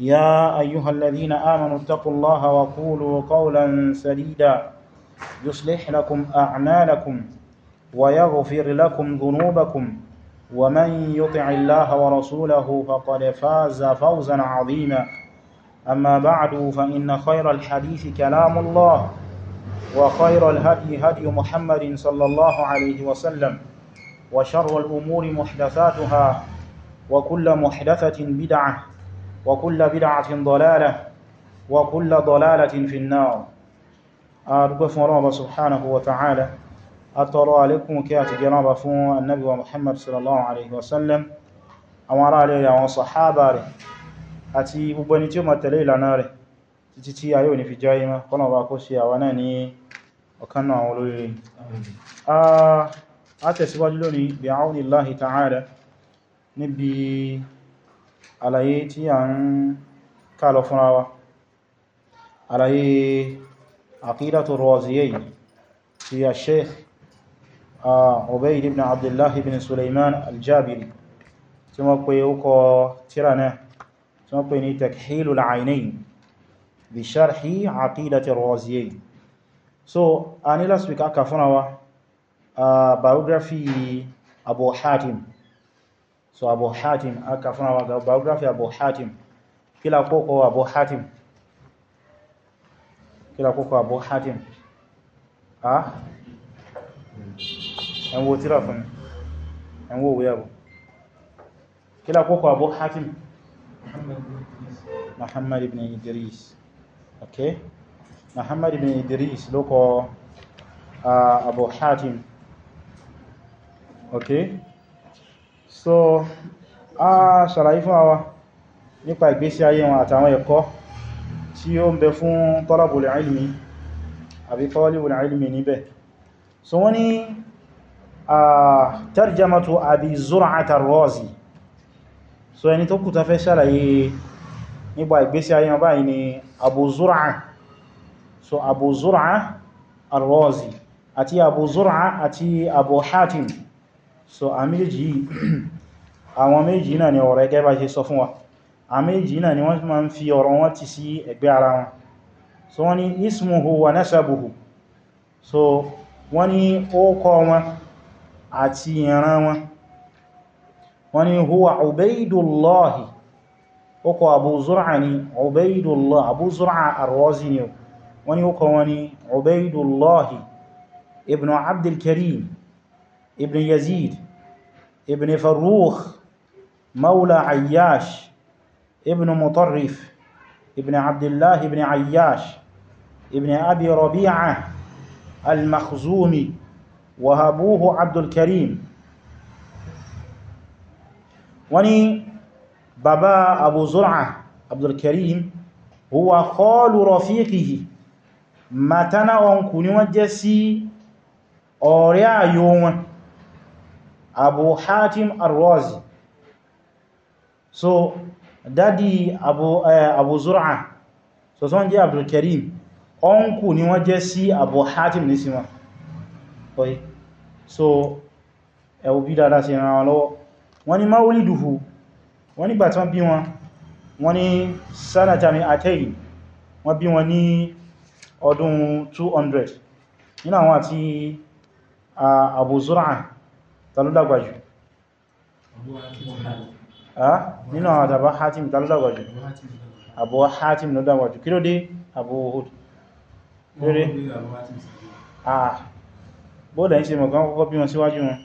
يا أيها الذين آمنوا اتقوا الله وقولوا قولا سديدا يصلح لكم أعمالكم ويغفر لكم ذنوبكم ومن يطع الله ورسوله فقد فاز فوزا عظيما أما بعد فإن خير الحديث كلام الله وخير الهدي هدي محمد صلى الله عليه وسلم وشر الأمور محدثاتها وكل محدثة بدعة وكل بدعة ضلالة وكل ضلالة في النار أرجو فرابة سبحانه وتعالى أترى لكم كيات جناب فون النبي محمد صلى الله عليه وسلم أمر عليه وصحابة له أتي ببنتي ومتلي لنا له تتي أيوني في جائمة قلنا باكوسيا وناني وكان أولولي أتسواج لوني بعون الله تعالى نبي àlàyé tí a ń kálọ fúnra wa àlàyé àkídàtò rọ̀zíyàí tí a sheikh Ubayd ibn Abdullah ibn Sulaiman al-Jabiri tí wọ́n pè ó kọ tíra náà tí wọ́n pè ní Takhilul Aynayn sharhi àkídàtò rọ̀zíyàí so a ní last week aka fúnra wa biography Abu Hatim so Abu Hatim aka fún àwọn biography Abu Hatim kílá kókó Abu Hatim kílá kókó Abu Hatim a ẹnwó tíra fún ẹnwó òwúyà bù kílá kókó Abu Hatim Muhammad ibn Idris ok Muhammad ibn Idris lókọ Abu Hatim ok so a ṣàlàyé fún àwa nípa ìgbésí ayé wọn àtàwọn ẹ̀kọ́ tí ó ń bẹ fún talabul ilmi àbí talabul ilmi níbẹ̀ so wọ́n ni a tarjamatu Abi Zur'ata ar-Razi so ẹni tó kù ta fẹ́ ṣàlàyé nípa ìgbésí ayé wọn báyìí ni Abu Zur'a so Abu Zur'a ar Abu Hatim so àméjì yìí àwọn méjì náà ni ọ̀rọ̀ ẹgẹ́ bá ṣe sọ fún wa àméjì náà ni wọ́n máa ń fi ọ̀rọ̀ wọn ti sí ẹgbẹ́ ara wọn so wọ́n ni ismuhu wa nasabuhu so wọ́n ni ó kọ́ wọn àti ìran wọn wọ́n ni huwa ubaidullahi ó kọ abu zur'a ni ubaidullah abu zur'a arwazi ابن يزيد ابن فروخ مولى عياش ابن مطرف ابن عبد الله ابن عياش ابن أبي ربيعة المخزومي وهبوه عبد الكريم وني بابا أبو زرعة عبد الكريم هو خال رفيقه ما متنا أنكوني وجسي أوريا يوم abu hatim arrozi so dadi abu, eh, abu zura so tán jẹ́ abdulkarim ọkù ni wọ́n jẹ́ sí abu hatim Nisima, símọ̀ so e bí dáadáa sí ìran lọ́wọ́ wọ́n ni mawliduhu wọ́n ni gbàtán bí wọn wọ́n ni sanata mi àtẹ́yì wọ́n bí wọn ní ọdún 200 nínú àwọn àti ah, abu zura ta ló dàgbà jù nínú àwọn àtàbá hatim ta ló dàgbà jù hatim ló dàgbà jù kí ló dé Abu Hud ah bóòdà ń ṣe mọ̀kán kọ́kọ́ bí wọn síwájú wọn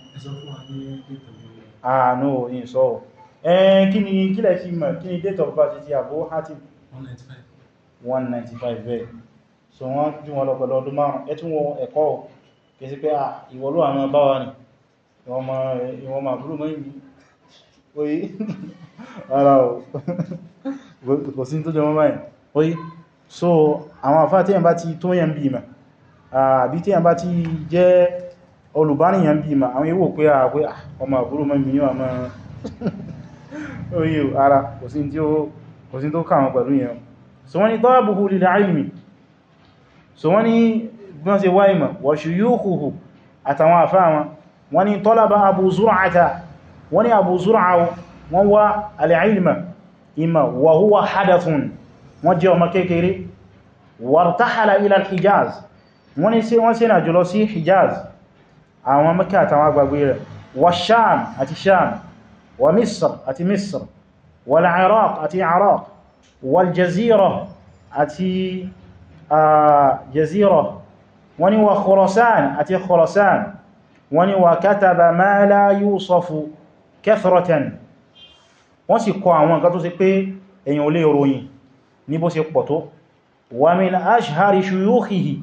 ah no in so ẹn kí ni kílẹ̀ fi mọ̀ kí ni date of birth ti Abu hatim 195 bẹ́ẹ̀ so wọ́n jù wọn lọ pẹ̀lú ọdún márùn-ún ẹ̀tún wọn ẹ̀kọ́ kìí sí pé ah ìwọ̀lú àwọn báwa ni ìwọ̀n ma búrú mọ́ ìbí oye ara o kò sí tó jẹ mọ́ báyìí oye so àwọn àfá tí yẹn bá ti tó yẹn bí ìmẹ̀ àbí tí yẹn bá ti jẹ́ olùbárìyàn bí ìmẹ̀ àwọn ìwò pé àpé ah, ọmọ àbúrú mọ́ ìbí yíwa mọ́ oye ara kò sí tó káwọn pẹ̀lú yẹn so wọ́n ni tọ́wàbùhù lílẹ̀ àìlìmì so wọ́n ni gbọ́n se wáìmọ̀ wọ̀ṣù yóò hù àtàwọn àfá wọn wọ́n ni tọ́lábà Abu Zur'ata wọ́n ni Abu Zur'a wọ́n wá al-ilma ima wa huwa hadathun wọ́n jẹ́ ọmọ kékeré wartahala ila al-Hijaz wọ́n ni sí wọ́n sí na jùlọ sí Hijaz àwọn Makka àtàwọn agbàgbé rẹ̀ wa Sham àti Sham wa Misr àti Misr wal Iraq àti Iraq wal Jazira àti ah, Jazira wọ́n ni wa Khurasan àti Khurasan wọ́n ni wà kátàbà ma la yusafu kathratan wọ́n sì kọ àwọn nǹkan tó ṣe pé èyàn ò lè ròyìn ní bó ṣe pọ̀ tó wa min ashhari shuyukhihi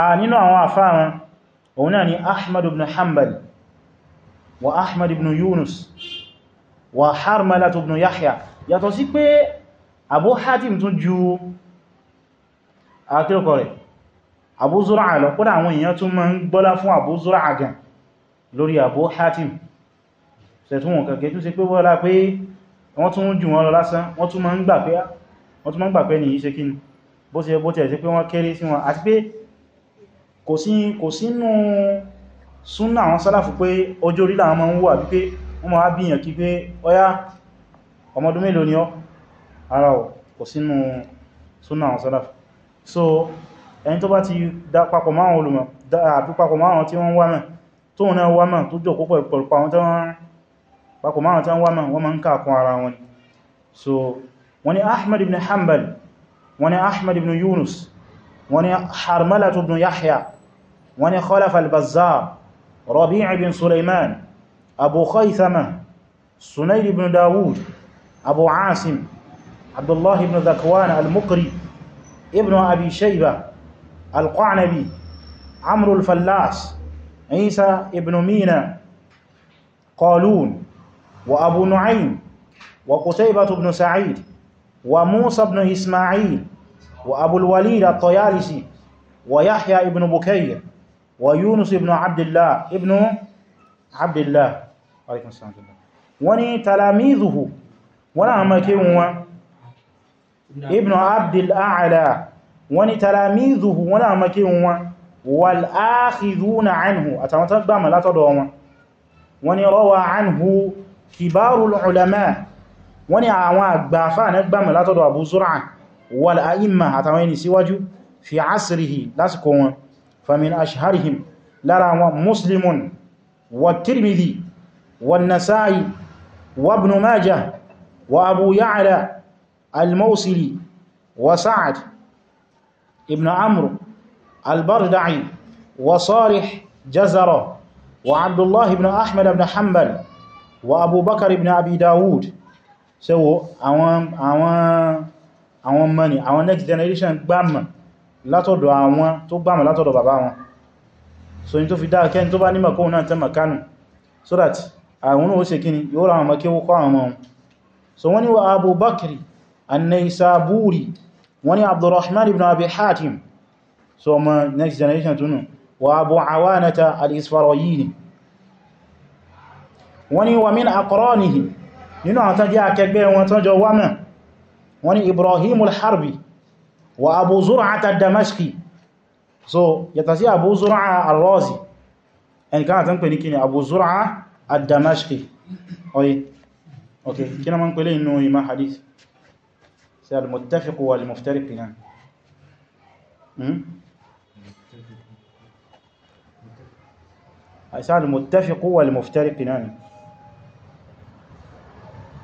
a nínú àwọn àfáàwọn òun náà ni ahmad ibn hanbal wa ahmad ibn yunus wa harmalat ibn yahya yàtọ̀ sí pé abu hatim tún ju akẹ́kọ̀ọ́ rẹ̀ Abu Zur'a kódà àwọn èèyàn tún máa ń gbọ́lá fún Abu Zur'a lórí Abu Hatim ṣẹ̀tún kẹ̀kẹ́ tún ṣe pé wọ́lá pé wọ́n tún jù wọn lọ lásán wọ́n tún máa ń gbà pé ní iṣẹ́ kí ni bó ṣe bó tẹ̀ pé wọ́n kéré sí wọn àti pé kò sínú súnnà àwọn sálàfù ẹni tó bá ti papọ̀ máwọn olùmọ̀ àbí papọ̀ máwọn tí wọ́n wámọ̀ tó wọn náà wámọ̀ tó jọ púpọ̀ ìpọ̀lọpọ̀ àwọn tó wọ́n ń kàkún ara wọn so wọ́n ni Ahmad ibn Hanbal wọ́n ni Ahmad ibn Yunus wọ́n ni Harmalat ibn Yahya wọ́n ni Khalaf al-Bazzar Rabi' ibn Sulaiman Abu Khaythama Sunayl ibn Dawud Abu Asim Abdullah ibn Dhakwan القعنبي عمرو الفلاس عيسى ابن مينا قالون وأبو نعيم وقتيبة بن سعيد وموسى بن إسماعيل وأبو الوليد الطيالسي ويحيى ابن بكير ويونس ابن عبد الله ابن عبد الله عليكم السلام وني تلاميذه ولا ما ابن عبد الأعلى wọ́n ni talamidhuhu wọ́n náà maki wọn wal akhidhuna anhu àtàwọn tán gbàmà látọ̀dọ̀ wọn wọ́n ni rawa anhu kibarul ulama wọ́n ni àwọn àgbàfà náà gbàmà látọ̀dọ̀ Abu Zur'a wa abu ya'la al-mawsili wa sa'ad ibn amru al-barda'i wa salih jazara wa abdullah ibn ahmad ibn hanbal wa abubakar ibn abi dawud ṣé wò àwọn àwọn àwọn mani àwọn next generation gbàmà látọ̀dọ̀ àwọn tó gbàmà látọ̀dọ̀ bàbá wọn so ní tó fi dá kẹ́ni tó bá ní mọ̀kóhùn náà tẹ́mà kánù so that àwọn ó ṣe kíni yóò ra àwọn mọ̀kí ó kọ́ àwọn mọ̀ so wọ́n ni wa abubakar an-naysaburi wọ́n ni abdurrahman ibn abi hatim so ma next generation tunu wa abu awanata al-isfarayini wọ́n ni wa min aqranihi nínú àwọn tán jẹ́ akẹgbẹ́ wọn tán jọ wámẹ́ wọ́n ni ibrahim al-harbi wa abu zur'ata damashqi so yàtà sí abu zur'a al-razi ẹni kan àtàn pè ní kíni abu zur'a al-damashqi oye ok kí سي المتفق والمفترق يعني أي سأل المتفق والمفترق يعني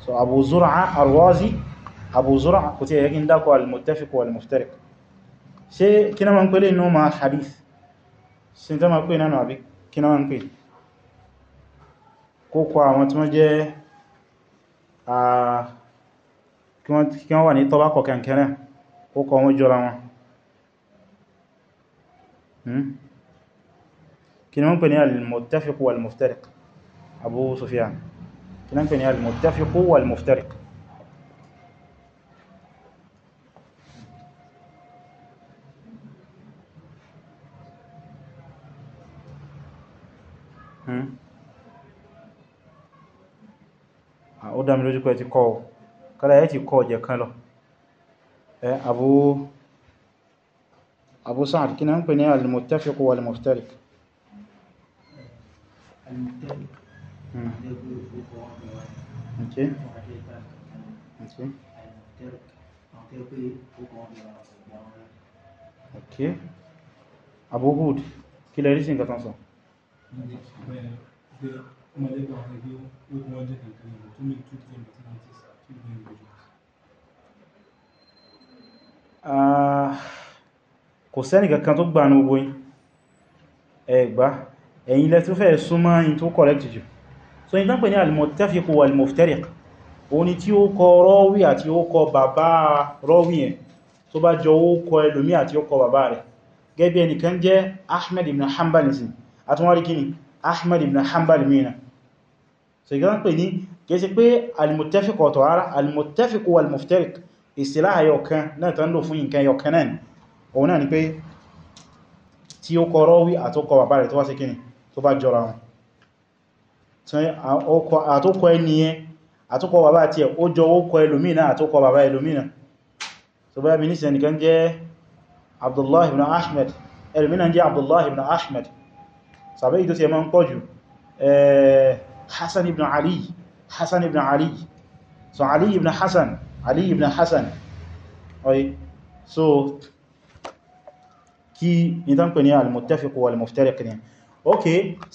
so أبو زرعة الرازي أبو زرعة كتير يجين داكو المتفق والمفترق شيء كنا ما نقول إنه ما حديث ní ما نقول إنه أبي كنا ما نقول àbí kí náà ma kí wọ́n wà ní tọ́bá kọ̀kẹ́ kẹrẹ ó kọ wọ́n jọra wọn hmm? kí ni wọ́n pè ní al-muttafiq wal-muftariq Abu Sufyan kí ni wọ́n pè ní al-muttafiq hmm? ah, ó dámi lójú pé ti kọ́ ọ̀ kọ́lá ẹ̀ ti kọ́ ọ̀jẹ̀ kan lọ abu abu sa'ad kí náà ń pè ní al-muttafiq wal-muftarik abu hud kí lè rí sí nǹkan tán ọmọdé kan ẹgbẹ́ ó kún ìwọ̀n tó ní 2,000 Ah, kò sẹ́ni kankan tó gbà ní gbogbo yín ẹgbà ẹ̀yin lẹ́ tó fẹ́ súnmọ́ yín tó correct jù so yín tánpẹ̀ ní al-muttafiq wal-muftariq òun ni tí ó kọ rọ́wí àti ó kọ bàbá rọ́wí yẹn tó bá jọ ó kọ ẹlòmí àti ó kọ bàbá rẹ̀ gẹ́gẹ́ ẹnìkan jẹ́ Ahmad ibn Hanbal àtúnwárí kíni Ahmad ibn Hanbal so ìgbà pè ní kìí ṣe pé al-muttafiq ọ̀tọ̀ rárá al-muttafiq wal-muftariq istilah ayọ̀kan náà tán lò fún nǹkan ayọ̀kan náà ni òun náà ni pé tí ó kọ rọ́wí àtókọ bàbá rẹ̀ tó wá sí kíni tó bá jọra wọn àtókọ ẹniyẹn àtókọ bàbá àti ẹ̀ ó jọ ókọ ẹlòmínà àtókọ bàbá ẹlòmínà eh, Hassan ibn Ali Hassan ibn Ali so Ali ibn Hassan Ali ibn Hassan oye so kí ní tán pè ní al-muttafiq wal-muftariq ni ok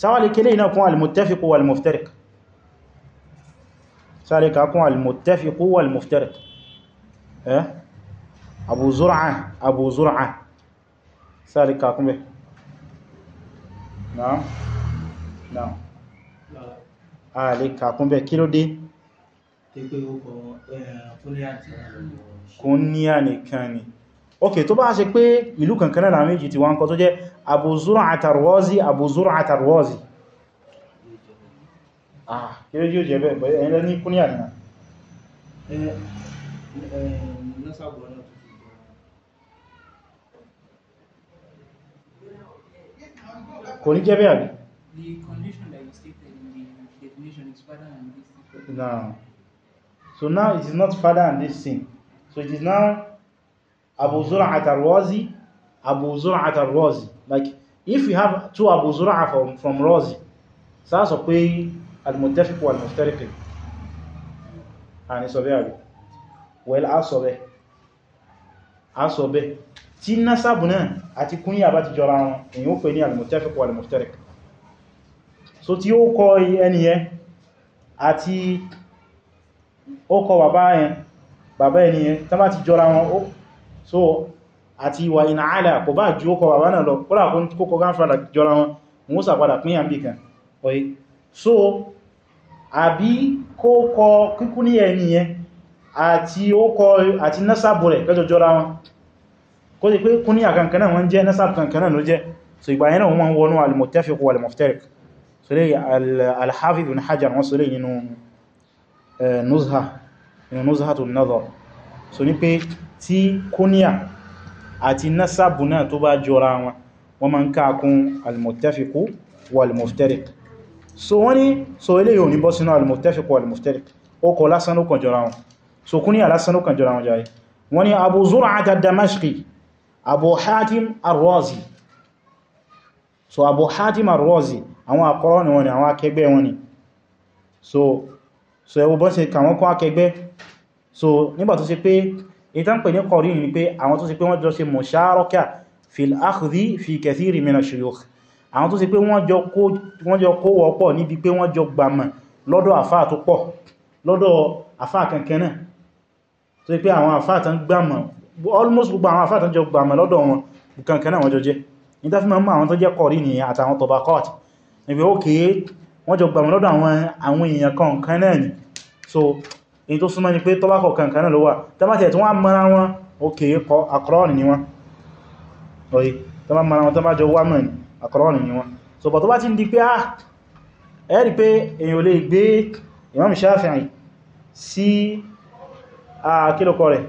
sáwàlì kílé iná kún al-muttafiq wal-muftariq sáwàlì ká kún al-muttafiq wal-muftariq eh Abu Zur'a Abu Zur'a sáwàlì ká kún bẹ́ na'am na'am a lè kàkún bẹ́ kí ló dé kúnníà nìkan ni ok tó bá ṣe pé ìlú kankan náà méjì tí wọ́n kọ́ tó jẹ́ Abu Zur'at ah kí ló yóò jẹ́ bẹ́ẹ̀ ẹ̀yìn lẹ́ ní kúnníà nìkan kò ní jẹ́ bẹ́ẹ̀ àbí No, so now it is not father and this thing. So it is now Abu Zura'at al-Razi, Abu Zura'at al-Razi. Like, if we have two Abu Zura'a from, from Razi, that's okay. al-Muttafiq wal-Muftariq àní sọ bẹ́ àrí. Well, a sọ bẹ́. A sọ bẹ́. Tí násábù náà àti kúnyà bá ti jọra wọn, èyí ó pè ní al-Muttafiq wal-Muftariq. So tí ó kọ ẹni yẹn, àti ọkọ bàbá yẹn bàbá ẹni yẹn tán bá ti jọra wọn ó so àti ìwà ìnà àìlà kò bá ju ọkọ bàbá náà lọ kọ́lá kókọ gánfàdà jọra wọn wọ́n sàpadà pín àmì kan ọ̀yí so àbí kókọ kíkú ní ẹni yẹn àti ọkọ àti nasabu rẹ̀ kẹjọ jọra wọn kó sì pé kú ní àkankaná wọn jẹ́ so ìgbà yẹn náà wọ́n wọnú al-muttafiq sọlẹ̀ al-Hafiz ibn Hajar wọ́n sọlẹ̀ nínú eh, nuzha nínú nuzhatun nadhar so ní pé tí kúníà àti nasabu náà tó bá jọra wọn wọ́n ma ń káàkún al-muttafiqu wal-muftariq so wọ́n ni so ilé yóò ní bọ́ sínú al-muttafiqu wal-muftariq ó kọ lásán ló kàn jọra wọn so kúníà lásán àwọn àkọ́rọ́ ni wọ́n ni àwọn akẹgbẹ́ wọn ni so so ẹwọ bọ́n ṣe kà wọ́n kọ́ akẹgbẹ́ so nígbà tó ṣe pé ìtàn pè ní kọ̀rí ni pé àwọn tó ṣe pé wọ́n jọ ṣe musharaka fil akhdhi fi kathiri mina shuyukh àwọn tó ṣe pé wọ́n jọ kó wọ́pọ̀ níbi pé wọ́n jọ gbàmọ̀ lọ́dọ̀ àfáà tó pọ̀ lọ́dọ̀ àfáà kankan àwọn almost gbogbo àwọn àfáà tán jọ gbàmọ̀ lọ́dọ̀ wọn kankan náà wọ́n jọ jẹ́ ní tá fi máa ń mọ̀ àwọn tó jẹ́ kọ̀rí nìyẹn àtàwọn tọba kọ́ọ̀tì níbi ókè wọ́n jọ gbàmù lọ́dọ̀ àwọn èèyàn kọ̀ọ̀kan náà ni so èyí tó súnmọ́ ni pé tọ́bá kọ̀ọ̀kan náà ló wà tẹ́bàtẹ̀ tí wọ́n mara wọn ókè akọ̀rọ̀ọ̀nì ni wọ́n oye tọ́bá mara wọn tọ́bá jọ wà ni so bọ̀ tó bá ti ń di pé ah ẹ̀rí pé èyàn ò lè gbé Imam Shafi'i sí àkílùkọ rẹ̀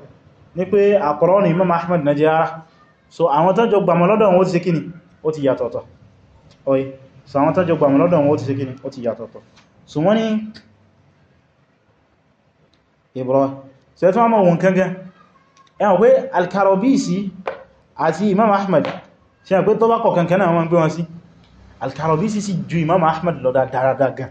ní pé akọ̀rọ̀ọ̀nì Imam Ahmad so àwọn tọ́jọ gbàmù lọ́dọ̀ wọn ó ti ṣe kíni ó ti oye so àwọn tọ́jọ lọ́dọ̀ wọn ó ti ṣe kíni ó ti yàtọ̀tọ̀ so ni Ibrahim so ẹ̀ tó wọ́n mọ̀ wọn kankan pé al àti Imam Ahmad ṣe ẹ̀ pé tó bá kọ̀ kankan náà wọ́n gbé wọn sí al sì ju Imam Ahmad lọ dáadáa gan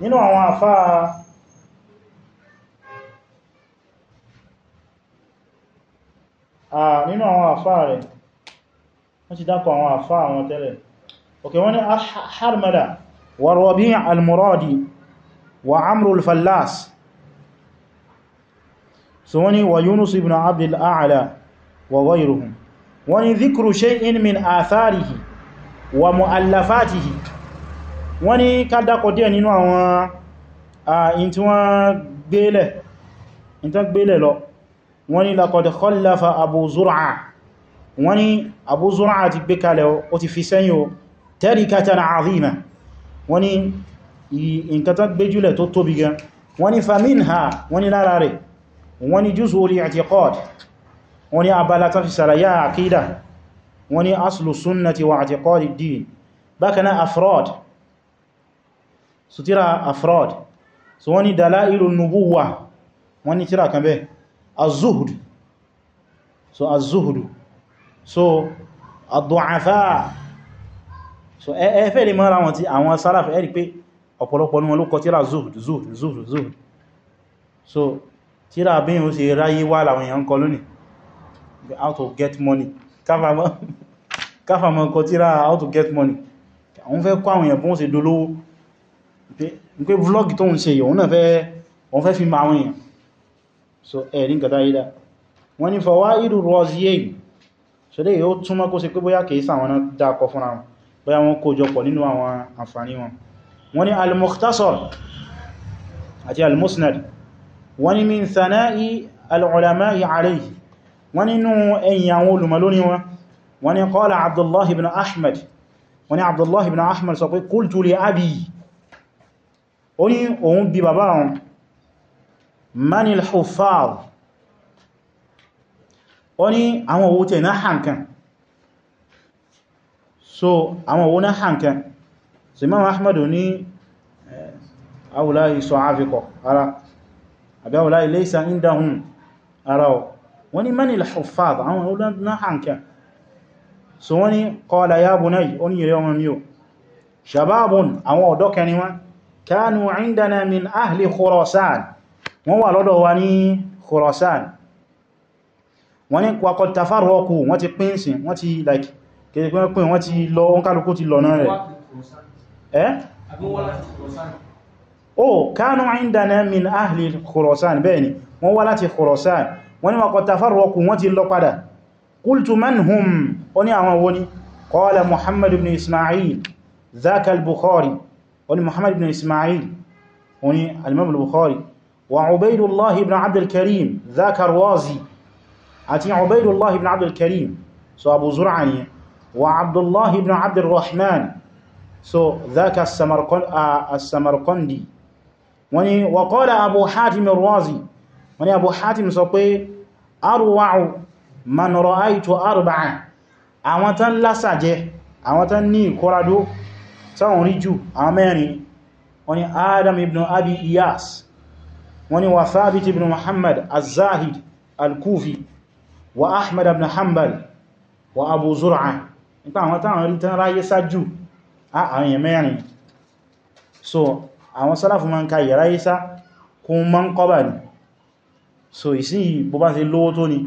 nínú àwọn àfá nínú àwọn àfá rẹ̀ wọ́n ti dákọ̀ àwọn àfá àwọn tẹ́lẹ̀ ok wọ́n ni harmada wa rabi' al-muradi wa amru al-fallas so wọ́n ni wa yunus ibn abd al wa ghayruhum wọ́n ni dhikru shay'in min atharihi wa mu'allafatihi wọ́n ní ká dákọ̀ díẹ̀ nínú àwọn ààyìn tí wọ́n gbélẹ̀ lọ wọ́n ní laqad khallafa Abu Zur'a wọ́n ní Abu Zur'a ti gbé kalẹ̀ ó ti fi sẹ́yìn o tarikatan azima wọ́n ní nǹkan tó gbé jùlẹ̀ tó tóbi gan wọ́n ní faminha wọ́n ní lára rẹ̀ wọ́n ní juz'u al-i'tiqad wọ́n ní abala tó fi sàrayá àkídà wọ́n ní aslu sunnati wa i'tiqad ad-din bákaná afrod so tírà afrod so wọ́n ní dalailu nubuwa wọ́n ní tírà kan bẹ́ az-zuhd so az so ad-du'afa so ẹ̀ẹ́fẹ́ lè mọ́ra wọn tí àwọn salaf ẹ rí pé ọ̀pọ̀lọpọ̀ ní wọn ló kọ tírà zuhd zuhd zuhd zuhd so tírà bí o ṣe ráyé wà láwọn èèyàn kọ lónìí how to get money káfàmọ́ kọ tírà out to get money àwọn fẹ́ kọ àwọn èèyàn bọ́n ṣe dolówó pé vlog tó ń ṣe yóò náà fẹ́ fi máa wọ́n yàn so ẹ̀rí nǹkan táyé dá wọ́n ní fọwá ìrù rọ́ọ̀zíyè ṣẹlẹ̀ yóò túnmọ́ kó ṣe pé bóyá kìí sàwọn dákọ fúnra wọn bóyá wọn kó jọpọ̀ nínú àwọn àǹfààní wọn wọ́n ní al-mukhtasar àti al-musnad wọ́n ní min thana'i al-ulama'i alayhi wọ́n nínú ẹ̀yìn àwọn abdullahi ibn ahmad sọ pé qultu li abi ó ní òun bí bàbá wọn manil huffaz ó ní àwọn owó tẹ̀ náà hankan so àwọn owó náà hankan so imam ahmadu ní eh, awulayi sọ áfikọ̀ ara àbí awulayi laysa indahum ara ọ̀ wọ́n ní manil huffaz àwọn owó náà hankan so wọ́n ní qala ya ó ní ìrẹ́ ọmọ mi ò shababun àwọn ọ̀dọ́ wọn kánú indana min ahli khurasan wọ́n wà lọ́dọ̀ wa ní khurasan wọ́n ní wa qad tafarraqu wọ́n ti pín sí wọ́n ti like kìí pín pín wọ́n ti lọ wọ́n kálukú ti lọ náà rẹ̀ eh oh kánú indana min ahli khurasan bẹ́ẹ̀ ni wọ́n wá láti khurasan wọ́n ní wa qad tafarraqu wọ́n ti lọ padà qultu man hum ó ní àwọn wo ni qala wani muhammad ibn ismail wani alimamul bukhari wa ubaidullah ibn abdulkarim zakar wazi àti ubaidullah ibn abdulkarim so abu zura ni wa abdullah ibn abdulrahman so zakar samarkandi wani wa qala abu hatim razi wani abu hatim sọ pé arwa'u man ra'aytu arba'a àwọn tán lásàjẹ́ àwọn tán ní ìkóradó sáwọn rí jù àwọn mẹ́rin wọ́n ni adam ibn abi iyas wọ́n ni wa thabit ibn muhammad az-zahid al-kufi wa ahmad ibn hanbal wa abu zur'a nípa àwọn táwọn rí tán ráyé sájú àwọn èèyàn so àwọn sálàfù ma ń ka yẹ̀ ráyé sá kún ma ń kọ́bà ní so ìsìn yìí bó bá ṣe lówó tó ni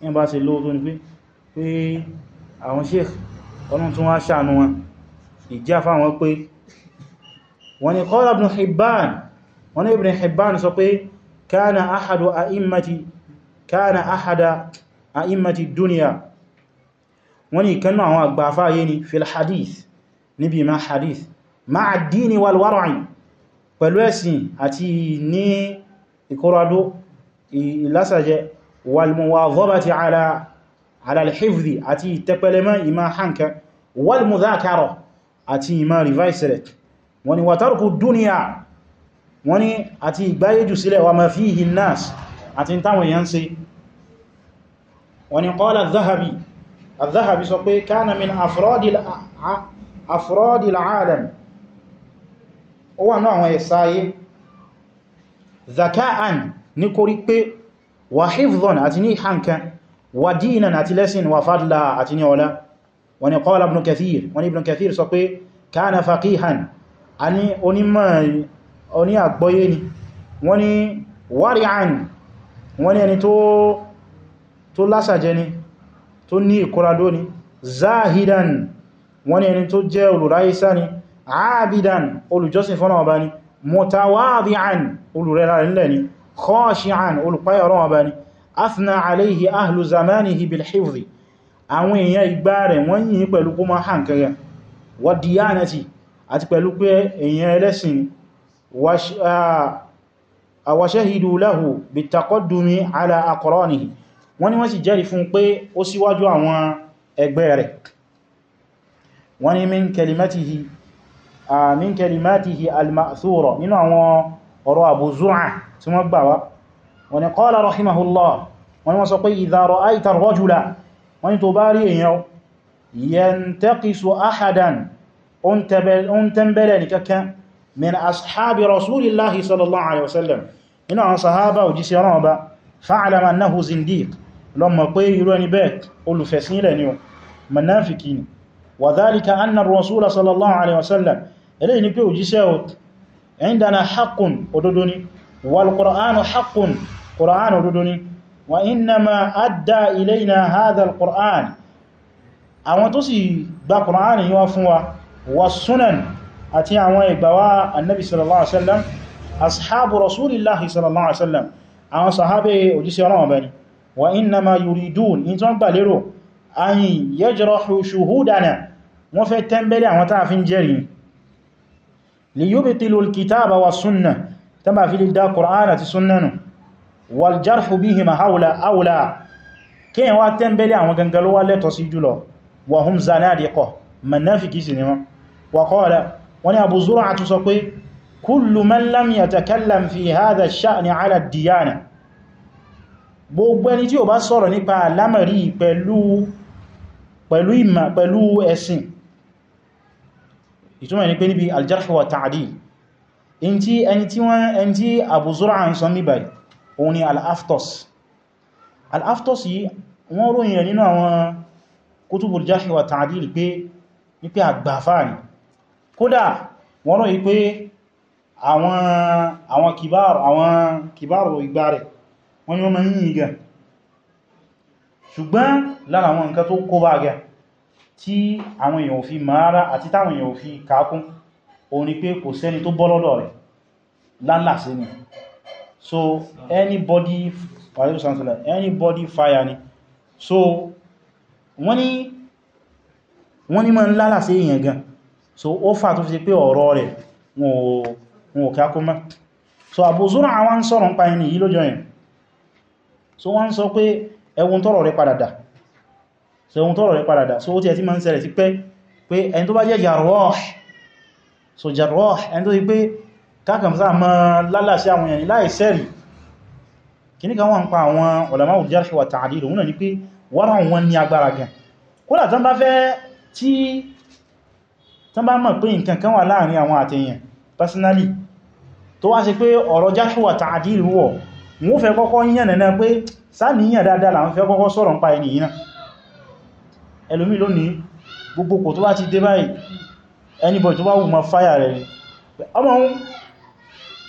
ah, pé àwọn sheikh ọlọ́run tún wá ṣàánú wọn ìjá fáwọn pé wọ́n ni qala ibn Hibban wọ́n ni ibn Hibban sọ pé kana ahadu a'immati kana ahada a'immati duniya wọ́n ni ìkannu àwọn àgbàfáyé ni fil hadith níbi ma hadith ma'a ad-dini pẹ̀lú ẹ̀sìn àti ní ìkóradó ìlásàjẹ wal muwadhabati ala ala al-hifdhi àti ìtẹpẹlẹmọ́ ìmá hanka wal mudhakara àti ìmá revise rẹ̀ wọ́n ni wa tarku dúníà wọ́n ni àti ìgbáyéjù sílẹ̀ wa ma fihi an-nas àti táwọn èèyàn ṣe wọ́n ni qala adh-dhahabi adh-dhahabi sọ pé kana min afrodil alam ó wà náà àwọn ẹ̀sá ayé zaka'an ní kórí pé wa hifdhan àti ní hankan wa dínan àti lẹ́sìn wa fadla àti ní ọlá wọ́n ni qala ibn kathir wọ́n ni ibn kathir sọ pé kana faqihan a ní onímọ̀ oní àgbọ́yé ni wọ́n ni wari'an wọ́n ni ẹni tó lásàjẹ́ ni tó ní ìkúradó ni zahidan wọ́n ẹni tó jẹ́ olùráyísá ni abidan olùjọ́sìn fọ́nà ọba ni mutawadi'an olùrẹ́ra afna alayhi ahlu zamanihi bil hifzi àwọn èèyàn ìgbà rẹ̀ wọ́n yìn pẹ̀lú kó máa hàn kẹrẹ wa diyanati àti pẹ̀lú pé èèyàn ẹlẹ́sìn wa shahidu lahu bitaqaddumi ala aqranihi wọ́n ní wọ́n sì jẹ́rìí fún pé ó síwájú àwọn ẹgbẹ́ rẹ̀ wọ́n ní min kalimatihi min kalimatihi al-ma'thura nínú àwọn ọ̀rọ̀ Abu Zur'a tí wọ́n gbà wá wọ́n ni qala rahimahullah wọ́n ni wọ́n sọ pé idha ra'ayta ar-rajula wọ́n ni tó bá rí èyàn yantaqisu ahadan ó ń tẹ́mbẹ̀lẹ̀ ní kankan min ashabi rasulillahi sallallahu alaihi Qur'an òdodo ni wa innama adda ilayna hadha al-Qur'an àwọn tó sì gba Qur'an yìí wá fún wa wa sunan àti àwọn ìgbàwá annabi sallallahu alaihi wasallam ashabu rasulillahi sallallahu alaihi wasallam àwọn sahabe òjíṣẹ́ Ọlọ́run bani wa innama yuridun in ton gba lérò ayin yajrahu shuhudana wọ́n fẹ́ tẹ́m̀bẹ̀lẹ̀ àwọn tàà fi ń jẹ́rìí li yubtilu al-kitaba wa sunnah tàbí fi lè dá Qur'an àti sunnah nù waljarhu bihima haula aula kíyàn wá tẹ́mbẹ̀lẹ̀ àwọn gangan ló wá lẹ́tọ̀ sí jùlọ wa hum zanadiqa manáfikì sí ni wọ́n wa qala wọ́n ni Abu Zur'a tún sọ pé kullu man lam yatakallam fi hadha ash-sha'ni 'ala ad-diyana gbogbo ẹni tí ó bá sọ̀rọ̀ nípa alámàrí pẹ̀lú ìmà pẹ̀lú ẹ̀sìn ìtumọ̀ ní pé níbi aljarhu wa ta'dil in ti ẹni tí Abu Zur'a ń sọ níbàyìí òun ni al-aftos al-aftos yìí wọ́n ròyìn rẹ̀ nínú àwọn kutubul jarh wa ta'dil pé wípé àgbàfáà ni kódà wọ́n ròyìn pé àwọn àwọn kìbáàrù àwọn kìbáàrù ìgbà rẹ̀ wọ́n ni wọ́n ma ń yìn gan ṣùgbọ́n lára àwọn nǹkan tó kó bá gan tí àwọn èèyàn fi mara àti táwọn èèyàn fi kákún òun ni pé kò sẹ́ni tó bọ́ lọ́dọ̀ rẹ̀ lálàsí ni so anybody anybody fire ni so wọ́n ni wọ́n ni ma ń lálà sí èyàn gan so ó fà tó fi sí pé ọ̀rọ̀ rẹ̀ wọn ò kíákó mọ́ so àbòsúnà àwọn ń sọ̀rọ̀ ń pa ẹni yìí lójọ́ yẹn so wọ́n ń sọ pé ẹwùn tọ́rọ̀ rẹ̀ padà so ẹwùn tọ́rọ̀ rẹ̀ padà so ó ti ẹ̀ ti ma ń ṣẹlẹ̀ sí pé ẹni tó bá jẹ́ jarrah so jarrah ẹni tó kákàmsá ma lálàsí àwọn èèyàn láìsẹ́rì kìní kan wọ́n ń pa àwọn ulama al-jarh wa ta'dil òun náà ni pé wọ́n wọn ní agbára gan kódà tán bá fẹ́ tí tán bá mọ̀ pé nǹkan kan wà láàrin àwọn àtẹ̀yàn personally tó wá ṣe pé ọ̀rọ̀ jarh wa ta'dil wọ̀ wọ́n fẹ́ kọ́kọ́ yàn nẹ́nà pé sáàníyàn dáadáa làwọn fẹ́ kọ́kọ́ sọ̀rọ̀ ń pa ẹni yìí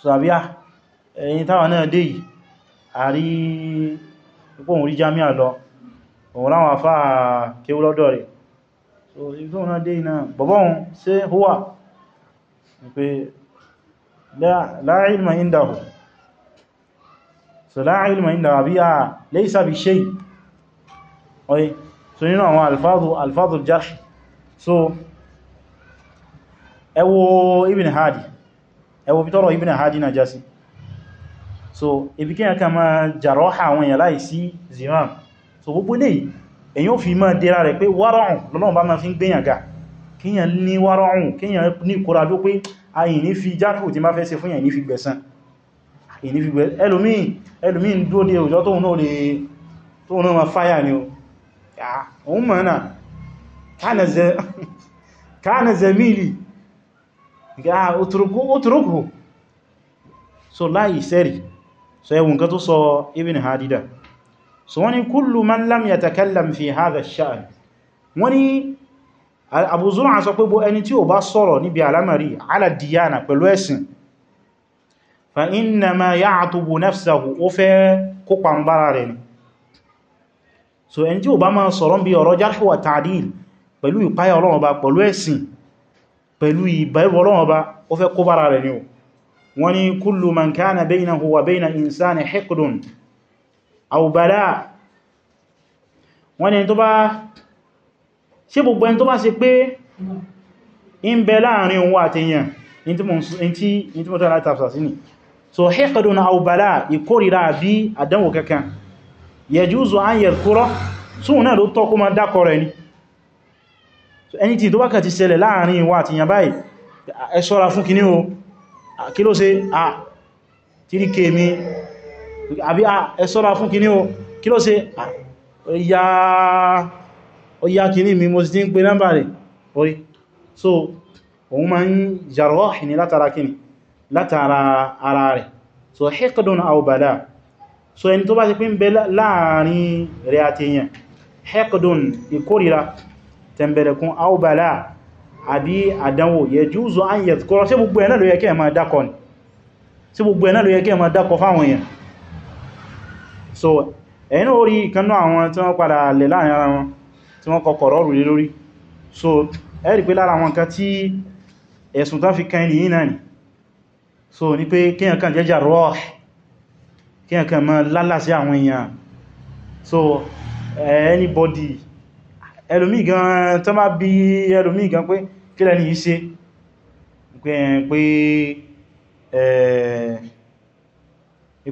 so àbí à ẹ̀yìn táwọn náà dé yìí a rí ipò òun rí jami'a lọ òun láwọn afá kéwú lọ́dọ̀ rẹ̀ so ibi tó náà dé iná bọ̀bọ̀ òun ṣe húwà pé la ilma indahu so la ilma indahu àbí à laysa bi shay ọ̀yẹ́ Ibn Hadi ẹwọ bí tọ́rọ ibn hajjina já sí so ibi kí ẹka ma jàrọ́ àwọn èèyàn láì sí ziram so gbogbo lè èyàn ò fi máa dẹ́ra rẹ̀ pé wárọ̀hùn lọ́nà bá ma fi ń gbéyàn ga kíyàn ní wárọ̀hùn kíyàn ní kóra ló pé ayìn ní fi jákù tí má fẹ́ ṣe fún yàn ní fi gbẹ̀san ẹlòmíì ẹlòmíì ń dúó òtùrùkù ah, so láì sẹ́rì so ẹwùn kan tó sọ Ibn Hadida so wọ́n ni kullu man lam yatakallam fi hadha ash-sha'n wọ́n ni Abu Zur'a sọ pé bó ẹni tí ó bá sọ̀rọ̀ níbi alamari ala diyana pẹ̀lú ẹ̀sìn fa innama ya'tubu nafsahu ó fẹ́ kópa bára rẹ̀ so ẹni tí ó bá máa sọ̀rọ̀ bí ọ̀rọ̀ jarh ta'dil pẹ̀lú ìpáyà Ọlọ́run ba pẹ̀lú ẹ̀sìn pẹ̀lú ìbẹ̀rù Ọlọ́run Ọba ó fẹ́ kó bára rẹ̀ ni o wọ́n ni kullu man kana baynahu wa bayna insani hiqdun aw bala wọ́n ni tó bá ṣe gbogbo ẹni tó bá ṣe pé in bẹ láàrin òun àtẹyàn in tí mo tọ́ láti sí ni so hiqdun aw bala ìkórìíra bí àdánwò kankan yajuzu an yadhkura sóhun náà ló tọ́kú ma dákọ̀ rẹ̀ ni ẹni tí tó bá kà ti ṣẹlẹ̀ láàrin ìwà àti ìyàn báyìí ẹ fún kíní o kí ló ṣe à tírí ké mi àbí ẹ fún kíní o kí ló ṣe ọya kíní mi mo sì ti nọ́mbà rẹ̀ orí so òun ma ń yàrọ̀ ní látara kíní látara ara rẹ̀ so hekadun aubada so ẹni tó bá ti pín bẹ láàrin rẹ̀ àti èèyàn hekadun ìkórira tẹ̀m̀bẹ̀lẹ̀kún aubala àbí àdánwò yẹ júùsù ayẹ̀ kọ́rọ̀ sí gbogbo ẹ̀ ló yẹ kí ẹ máa dákọ ni sí gbogbo ẹ̀ ló yẹ kí ẹ máa dákọ fáwọn èèyàn so ẹ̀yìn orí ìkanná àwọn tí wọ́n padà lẹ̀ láàrin ara wọn tí wọ́n kọkọ̀rọ̀ so anybody ẹlòmí gan tó bá bí ẹlòmí gan pé kí lẹ́ni yìí ṣe pé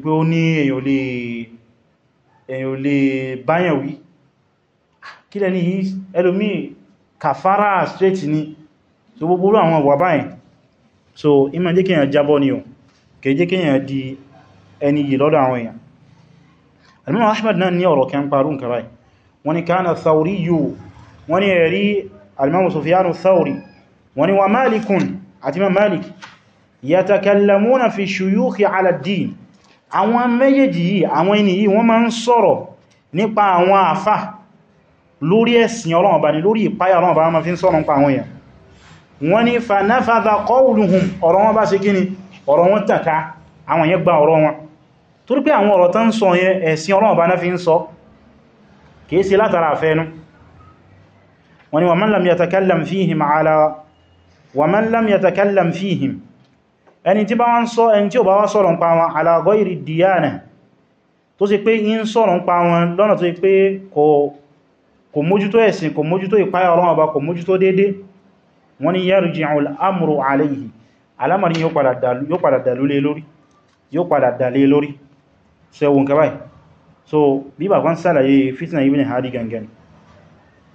pé ó ní èyàn ò lè báyàn wí kí lẹ́ni yìí kàfàrà straight ni so gbogbo orú àwọn ìwà báyìí so ima jẹ́ kíyàn jábọ́ ni o kìí kíyàn di ẹni yìí lọ́dọ̀ àwọn èèyàn Imam na náà ní ọ̀rọ̀ kẹ́ ń parú nǹkan báyìí wọ́n ni kánà thauri yóò wọ́n ni ẹ̀rí alimamu sufiyanu thauri wọ́n ni wa malikun àti ma malik ya takallamuna fi shuyukhi ala din àwọn méjèèjì yìí àwọn ẹni yìí wọ́n ma ń sọ̀rọ̀ nípa àwọn àfà lórí ẹ̀sìn Ọlọ́run bá ní lórí ìpáyà Ọlọ́run bá ma fi ń sọ̀rọ̀ nípa àwọn èèyàn wọ́n ni fanafadha qawluhum ọ̀rọ̀ wọn bá ṣe gíní ọ̀rọ̀ wọn tàka àwọn yẹn gba ọ̀rọ̀ wọn torí àwọn ọ̀rọ̀ tán sọ yẹn ẹ̀sìn Ọlọ́run bá fi ń sọ kìí ṣe látara àfẹ́nu wọ́n ni wa man lam yatakallam fihim ala wa man lam yatakallam fihim ẹni tí bá wọ́n sọ ẹni tí ó bá wá sọ̀rọ̀ ń pa wọn ala ghayri diyana tó sì pé in sọ̀rọ̀ ń pa wọn lọ́nà tó pé kò mójútó ẹ̀sìn kò mójútó ìpáyà Ọlọ́run Ọba kò mójútó dédé wọ́n ni yarji'u al-amru alayhi alamari yóò padà dalé lórí so bí bàbá ń sàlàyé fitna ibn hadi gangan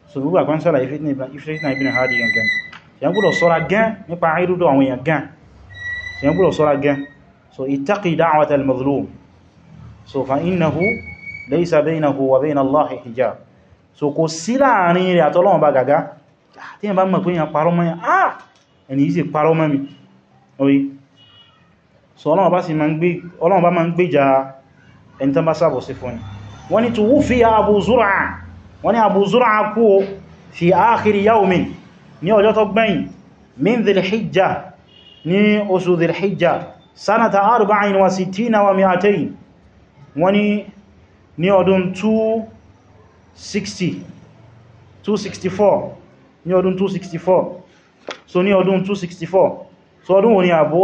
so bí bàbá ń sàlàyé fitna ibn hadi gangan yẹn gbọ́dọ̀ ṣọ́ra gan nípa àìrúdọ̀ àwọn èèyàn gan yẹn gbọ́dọ̀ ṣọ́ra gan so ittaqi da'wat al so fa innahu laysa baynahu wa bayna Allahi hijab so kò sí láàrin rẹ̀ àtọ́lọ́wọ́n bá gàgá ah, tí yẹn bá mọ̀ pé yẹn parọ́ mọ́ yẹn ah ẹni yìí sì parọ́ mọ́ mi orí so ọlọ́wọ́n ẹni tán bá sábọ̀ sí fún ni wọ́n ni tuwú fi Abu Zur'a wọ́n ni Abu Zur'a kú fi akhiri yawmin ní ọjọ́ tó gbẹ̀yìn min dhilhijja ní oṣù dhilhijja sanata arba'in wa sittina wa mi'atayn wọ́n ni ní ọdún 260 264 ní ọdún 264 so ní ọdún 264 so ọdún wo ni Abu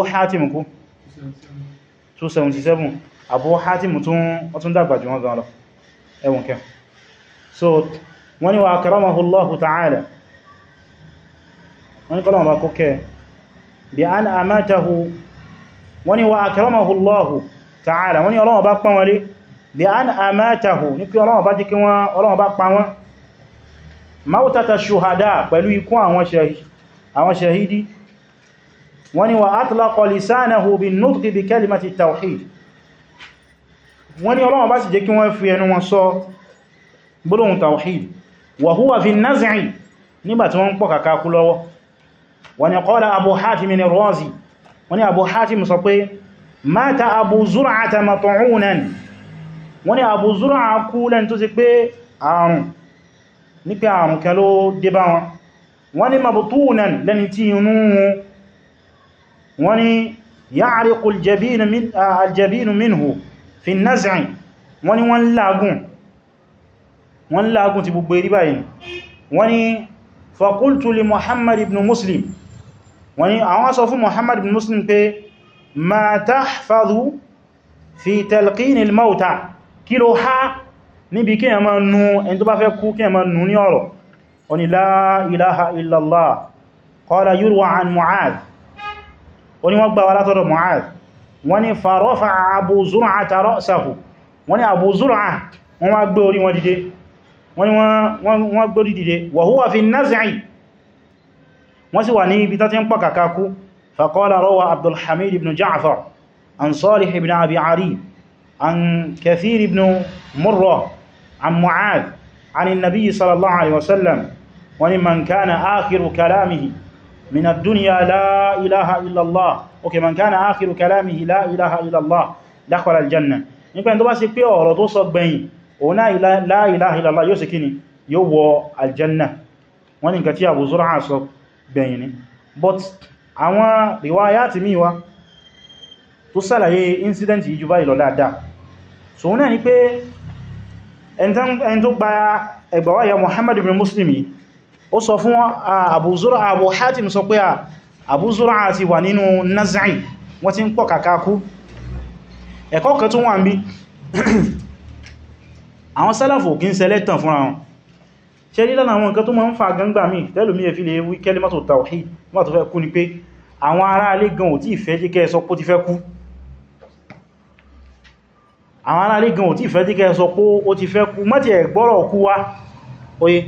277 Abu Hatim tún dàgbà jù wọ́n gan lọ ẹwọ̀n kẹ so wọ́n ni wa akramahu Allahu ta'ala wọ́n ni kọ́lọ̀ bá kókẹ́ bí an amatahu wọ́n ni wa akramahu Allahu ta'ala wọ́n ni Ọlọ́run bá pán wọlé bí an amatahu ní pé Ọlọ́run bá jí kí wọ́n Ọlọ́run bá pa wọ́n mautata shuhada pẹ̀lú ikú àwọn shahidi wọ́n ni wa atlaqa lisanahu bin nutqi bi kalimati tawhid wọ́n ní Ọlọ́run bá sì jẹ́ kí wọ́n fi ẹnu wọn sọ gbólóhùn tawhid wa huwa fi naz'i nígbàtí wọ́n ń pọ̀ kàkà kú lọ́wọ́ wọ́n ní qala Abu Hatim ar-Razi wọ́n ní Abu Hatim sọ pé mata Abu Zur'ata mat'unan wọ́n ní Abu Zur'a minhu fi nazi'in wọ́n ni wọ́n lágùn wọ́n lágùn ti gbogbo erí báyìí wọ́n ni faqultu li muhammad ibn muslim wọ́n ni àwọn sọ fún muhammad ibn muslim pé ma tahfadhu fi talqin al-mauta kí ló ha níbi kí ẹ máa nú ẹni tó bá fẹ́ kú kí ẹ máa nú ní ọ̀rọ̀ wọ́n ní farofa Abu Zur'a ra'sahu wọ́n ní Abu Zur'a wọ́n wá gbé orí wọn dìde wọ́n ní wọ́n gbé orí dìde wa huwa fi naz'i wọ́n sì wà ní ibi tó ti ń pọ̀ kàkàkú faqala rawa Abdul Hamid ibn Ja'far an Salih ibn Abi Ari an Kathir ibn Murra an Mu'adh an an-nabi sallallahu alaihi wasallam wọ́n man kana akhiru kalamihi من الدنيا لا إله إلا الله أوكي من كان آخر كلامه لا إله إلا الله دخل الجنة nípa ẹni tó bá sí pé ọ̀rọ̀ tó sọ gbẹ̀yìn òun náà la ilaha illallah yóò sì kí ni yóò wọ aljanna wọ́n ni nǹkan tí Abu Zur'a sọ gbẹ̀yìn ni but àwọn riwayati míwa tó sàlàyé incident yìí jù báyìí lọ dáadáa so wọ́n náà ni pé ẹni tó gba ẹgbàwáyà Muhammad ibn Muslim yìí ó sọ fún ah, Abu Zur'a Abu Hatim sọ pé ah, Abu Zur'a ti wà nínú nazari wọ́n ti ń pọ̀ kàkàkú ẹ̀kọ́ kan tún wà ń bí àwọn sálàfò kí ń sẹlẹ̀ tàn fúnra wọn ṣe rí lánà àwọn nǹkan tó máa ń fa gangbà mí tẹ́lùmí ẹ̀fí lè wí kalimatu tawhid wọ́n tó fẹ́ kú ni pé àwọn ará alé gan ò tí ìfẹ́ jíkẹ́ ẹ̀sọ́ pó ti fẹ́ kú àwọn ará alé gan ò tí ìfẹ́ jíkẹ́ ẹ̀sọ́ pó ti fẹ́ kú mọ́tí ẹ̀gbọ́rọ̀ kú wá oye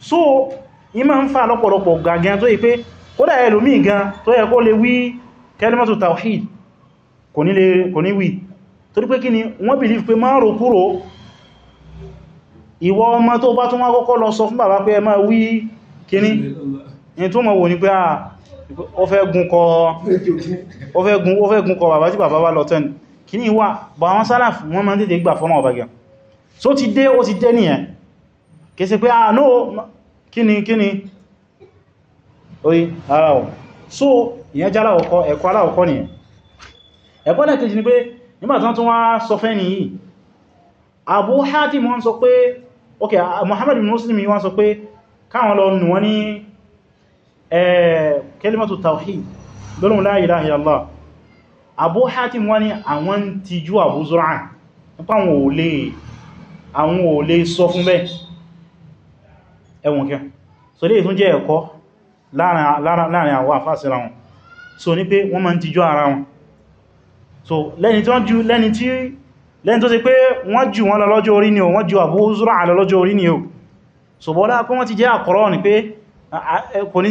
so in ma ń fa lọ́pọ̀lọpọ̀ gàgán tó yí pé kódà ẹlòmí gan tó yẹ kó lè wí kalimatu tawhid kò ní wí torí pé kí ni wọ́n believe pé máa rò kúrò ìwọ ọmọ tó bá tún wá kọ́kọ́ lọ sọ fún bàbá pé ẹ máa wí kíní ní tó mọ̀ wò ní pé à ah, ó fẹ́ gun kọ bàbá tí bàbá bá lọ tẹ́ni kíní wà bá wọn sálàfù wọ́n máa tètè gbà fọ́nà ọ̀bàgẹ̀ so ti dé ó ti dé nìyẹn kèsì pé à ah, náà kíni kíni oye ara ọ̀ so ìyẹn jẹ́ aláwọ̀kọ́ ẹ̀kọ́ aláwọ̀kọ́ nìyẹn ẹ̀kọ́ lẹ́kejì ni pé nígbàtán tún wá sọ fẹ́ ní yìí Abu Hatim wọ́n sọ pé ok Muhammad bin Muslim wọ́n sọ pé káwọn lọ nù wọ́n ní kalimatu tawhid lọ́lọ́run la ilaha illallah Abu ẹwùn kí so lè tún jẹ́ ẹ̀kọ́ láàrin àwọn àfáàsíra wọn so ní pé wọ́n ma ń tijọ́ ara wọn so lẹ́ni tó jù pé wọ́n jù wọn lọ́jọ́ orí ni o wọ́n jù Abu Zur'a lọ lọ́jọ́ pé wọ́n ti jẹ́ àkọ́rọ́ ni pé kò ní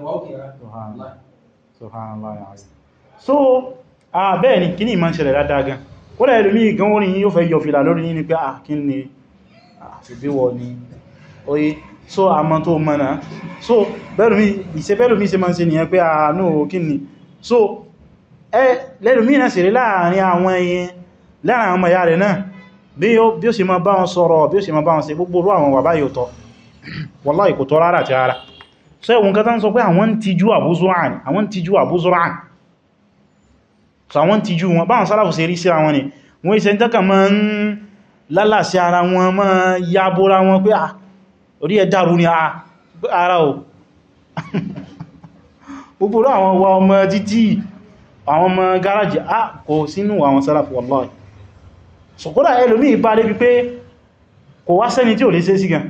ìwà òkè rá subhanallah so bẹ́ẹ̀ ni kí ní ìmọ̀ ṣẹlẹ̀ dáadáa gan ó rẹ̀ ìlú míì gan ó rìn yóò fẹ́ yọ fìlà lórí ní pé ah kí ni àṣìbíwọ̀ ni oye so a mọ́ tó mọ́ náà so ìṣẹ́ bẹ́ẹ̀lú míì ṣe máa ń ṣe nìyẹn pé ah no kí ni so lẹ́lú míì náà ṣeré láàrin àwọn ẹyẹn láàrin àwọn ẹ̀yà rẹ̀ náà bí ó ṣe máa bá wọn sọ̀rọ̀ bí ó ṣe máa bá wọn ṣe gbogbo rú àwọn wà báyìí ò tọ́ wallahi kò tọ́ rárá ti rárá so ẹwùn kan tán sọ pé àwọn ń tijú Abu Zur'a àwọn ń tijú Abu Zur'a so àwọn ń tijú wọn báwọn sálàfù sí rí sí àwọn ni wọ́n iṣẹ́ jẹ́kà ma ń lálàsí ara wọn ma ya bóra wọn pé à ah, orí ẹ dàrú ni ah, ara o gbogbo àwọn wa ọmọ títí àwọn ọmọ gáràjì à ah, kò sínú àwọn sálàfù wallahi so kódà ẹlòmí ìbá débi pé kò wá sẹ́ni tí ò lè ṣe sí gan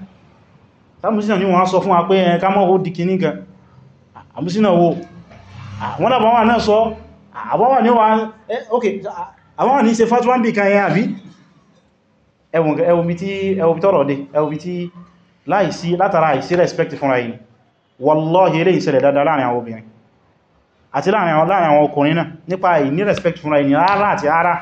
sàmùsínà ní wọ́n sọ fún wa pé ẹ ká mọ́ ó di kìíní gan àmùsínà wo wọ́n àbáwà náà sọ àbáwà ní wà ok àbáwà ní ṣe fatuwa ń bí kan yẹn àbí ẹwùmí tí tọ́rọ̀ dé ẹwùmí tí láìsí látara àìsí respect fúnra yìí wallahi ilé ìṣẹ̀lẹ̀ dáadáa láàrin àwọn obìnrin àti láàrin àwọn ọkùnrin náà nípa ìní respect fúnra yìí rárá àti rárá